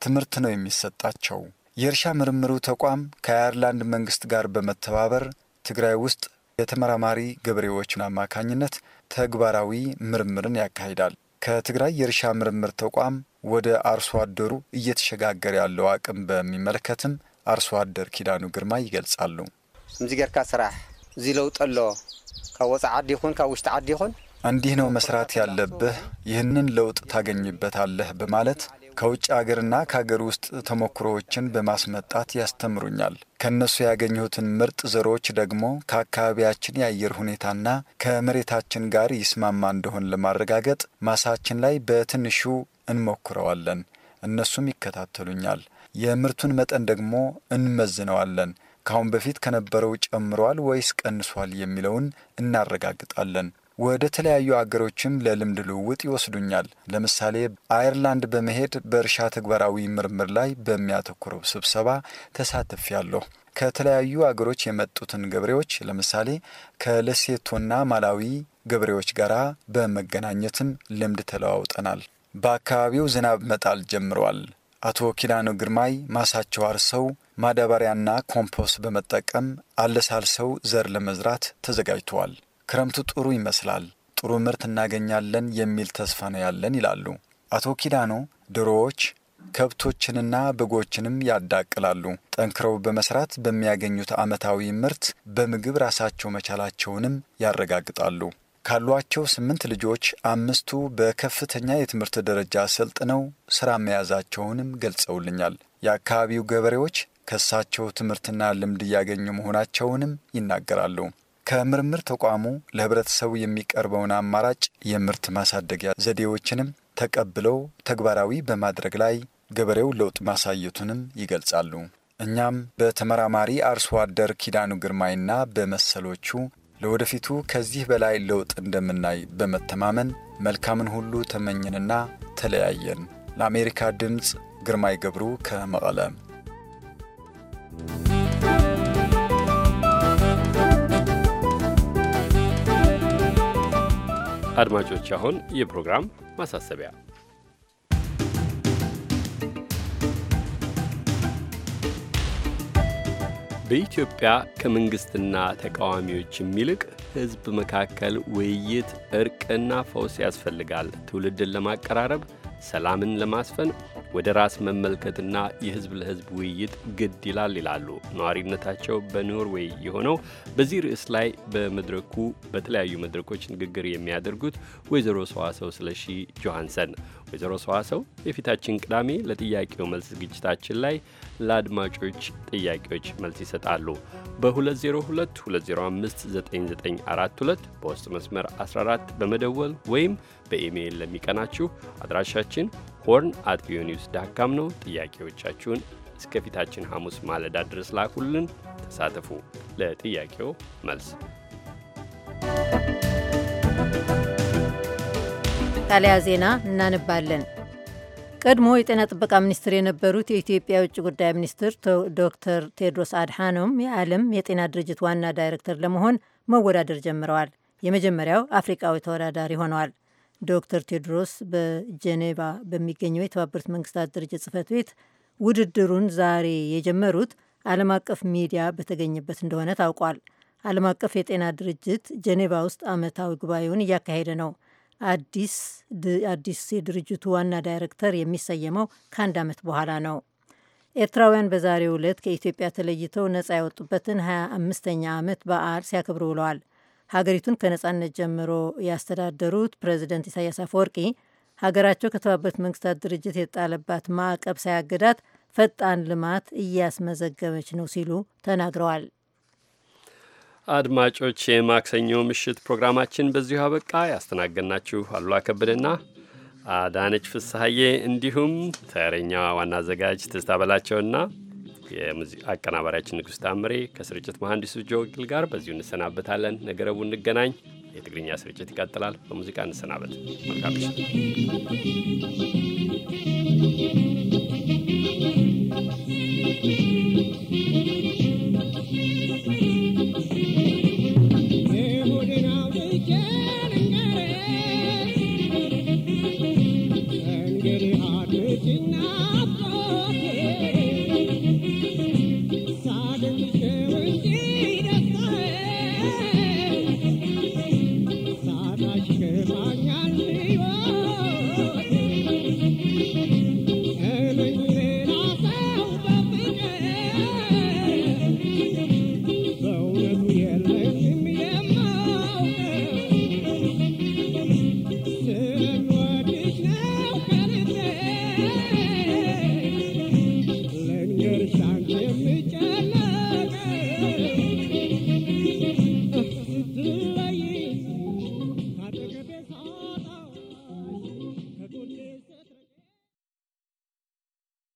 ትምህርት ነው የሚሰጣቸው። የእርሻ ምርምሩ ተቋም ከአየርላንድ መንግስት ጋር በመተባበር ትግራይ ውስጥ የተመራማሪ ገበሬዎችን አማካኝነት ተግባራዊ ምርምርን ያካሂዳል። ከትግራይ የእርሻ ምርምር ተቋም ወደ አርሶ አደሩ እየተሸጋገረ ያለው አቅም በሚመለከትም አርሶ አደር ኪዳኑ ግርማ ይገልጻሉ። ከምዚ ጌርካ ስራሕ እዚ ለውጥ ኣሎ ካብ ወፃ ዓዲ ይኹን ካብ ውሽጢ ዓዲ ይኹን እንዲህ ነው መስራት ያለብህ፣ ይህንን ለውጥ ታገኝበታለህ በማለት ከውጭ አገርና ከሀገር ውስጥ ተሞክሮዎችን በማስመጣት ያስተምሩኛል። ከእነሱ ያገኘሁትን ምርጥ ዘሮች ደግሞ ከአካባቢያችን የአየር ሁኔታና ከመሬታችን ጋር ይስማማ እንደሆን ለማረጋገጥ ማሳችን ላይ በትንሹ እንሞክረዋለን። እነሱም ይከታተሉኛል። የምርቱን መጠን ደግሞ እንመዝነዋለን። ከአሁን በፊት ከነበረው ጨምሯል ወይስ ቀንሷል የሚለውን እናረጋግጣለን። ወደ ተለያዩ አገሮችም ለልምድ ልውውጥ ይወስዱኛል። ለምሳሌ አየርላንድ በመሄድ በእርሻ ተግባራዊ ምርምር ላይ በሚያተኩረው ስብሰባ ተሳትፌያለሁ። ከተለያዩ አገሮች የመጡትን ገበሬዎች ለምሳሌ ከሌሴቶና ማላዊ ገበሬዎች ጋር በመገናኘትም ልምድ ተለዋውጠናል። በአካባቢው ዝናብ መጣል ጀምሯል። አቶ ኪዳኑ ግርማይ ማሳቸው አርሰው ማዳበሪያና ኮምፖስት በመጠቀም አለሳልሰው ዘር ለመዝራት ተዘጋጅተዋል። ክረምቱ ጥሩ ይመስላል፣ ጥሩ ምርት እናገኛለን የሚል ተስፋ ነው ያለን ይላሉ አቶ ኪዳኖ። ዶሮዎች ከብቶችንና በጎችንም ያዳቅላሉ። ጠንክረው በመስራት በሚያገኙት ዓመታዊ ምርት በምግብ ራሳቸው መቻላቸውንም ያረጋግጣሉ። ካሏቸው ስምንት ልጆች አምስቱ በከፍተኛ የትምህርት ደረጃ ሰልጥነው ሥራ መያዛቸውንም ገልጸውልኛል። የአካባቢው ገበሬዎች ከእሳቸው ትምህርትና ልምድ እያገኙ መሆናቸውንም ይናገራሉ። ከምርምር ተቋሙ ለህብረተሰቡ የሚቀርበውን አማራጭ የምርት ማሳደጊያ ዘዴዎችንም ተቀብለው ተግባራዊ በማድረግ ላይ ገበሬው ለውጥ ማሳየቱንም ይገልጻሉ። እኛም በተመራማሪ አርሶ አደር ኪዳኑ ግርማይና በመሰሎቹ ለወደፊቱ ከዚህ በላይ ለውጥ እንደምናይ በመተማመን መልካምን ሁሉ ተመኝንና ተለያየን። ለአሜሪካ ድምፅ ግርማይ ገብሩ you. አድማጮች፣ አሁን የፕሮግራም ማሳሰቢያ በኢትዮጵያ ከመንግሥትና ተቃዋሚዎች የሚልቅ ሕዝብ መካከል ውይይት፣ እርቅና ፈውስ ያስፈልጋል። ትውልድን ለማቀራረብ ሰላምን ለማስፈን ወደ ራስ መመልከትና የህዝብ ለህዝብ ውይይት ግድ ይላል ይላሉ ነዋሪነታቸው በኖርዌይ የሆነው በዚህ ርዕስ ላይ በመድረኩ በተለያዩ መድረኮች ንግግር የሚያደርጉት ወይዘሮ ሰዋሰው ስለሺ ጆሃንሰን ወይዘሮ ሰዋሰው የፊታችን ቅዳሜ ለጥያቄው መልስ ዝግጅታችን ላይ ለአድማጮች ጥያቄዎች መልስ ይሰጣሉ። በ2022059942 በውስጥ መስመር 14 በመደወል ወይም በኢሜይል ለሚቀናችሁ አድራሻችን ሆርን አት ቪኦኤ ዳካም ነው። ጥያቄዎቻችሁን እስከፊታችን ሐሙስ ማለዳ ድረስ ላኩልን። ተሳተፉ። ለጥያቄው መልስ ጣሊያ ዜና እናነባለን። ቀድሞ የጤና ጥበቃ ሚኒስትር የነበሩት የኢትዮጵያ የውጭ ጉዳይ ሚኒስትር ዶክተር ቴድሮስ አድሓኖም የዓለም የጤና ድርጅት ዋና ዳይሬክተር ለመሆን መወዳደር ጀምረዋል። የመጀመሪያው አፍሪቃዊ ተወዳዳሪ ሆነዋል። ዶክተር ቴድሮስ በጀኔቫ በሚገኘው የተባበሩት መንግስታት ድርጅት ጽህፈት ቤት ውድድሩን ዛሬ የጀመሩት ዓለም አቀፍ ሚዲያ በተገኘበት እንደሆነ ታውቋል። ዓለም አቀፍ የጤና ድርጅት ጀኔቫ ውስጥ ዓመታዊ ጉባኤውን እያካሄደ ነው። አዲስ የድርጅቱ ዋና ዳይሬክተር የሚሰየመው ከአንድ ዓመት በኋላ ነው። ኤርትራውያን በዛሬው ዕለት ከኢትዮጵያ ተለይተው ነጻ ያወጡበትን 25ኛ ዓመት በዓል ሲያከብሩ ውለዋል። ሀገሪቱን ከነጻነት ጀምሮ ያስተዳደሩት ፕሬዚደንት ኢሳያስ አፈወርቂ ሀገራቸው ከተባበሩት መንግስታት ድርጅት የጣለባት ማዕቀብ ሳያገዳት ፈጣን ልማት እያስመዘገበች ነው ሲሉ ተናግረዋል። አድማጮች የማክሰኞ ምሽት ፕሮግራማችን በዚሁ አበቃ። ያስተናገድናችሁ አሉላ ከበደና አዳነች ፍስሐዬ እንዲሁም ተረኛዋ ዋና አዘጋጅ ትዝታ በላቸውና የአቀናባሪያችን ንጉሥ ታምሬ ከስርጭት መሐንዲሱ ጆግል ጋር በዚሁ እንሰናበታለን። ነገ ረቡዕ እንገናኝ። የትግርኛ ስርጭት ይቀጥላል። በሙዚቃ እንሰናበት። መልካም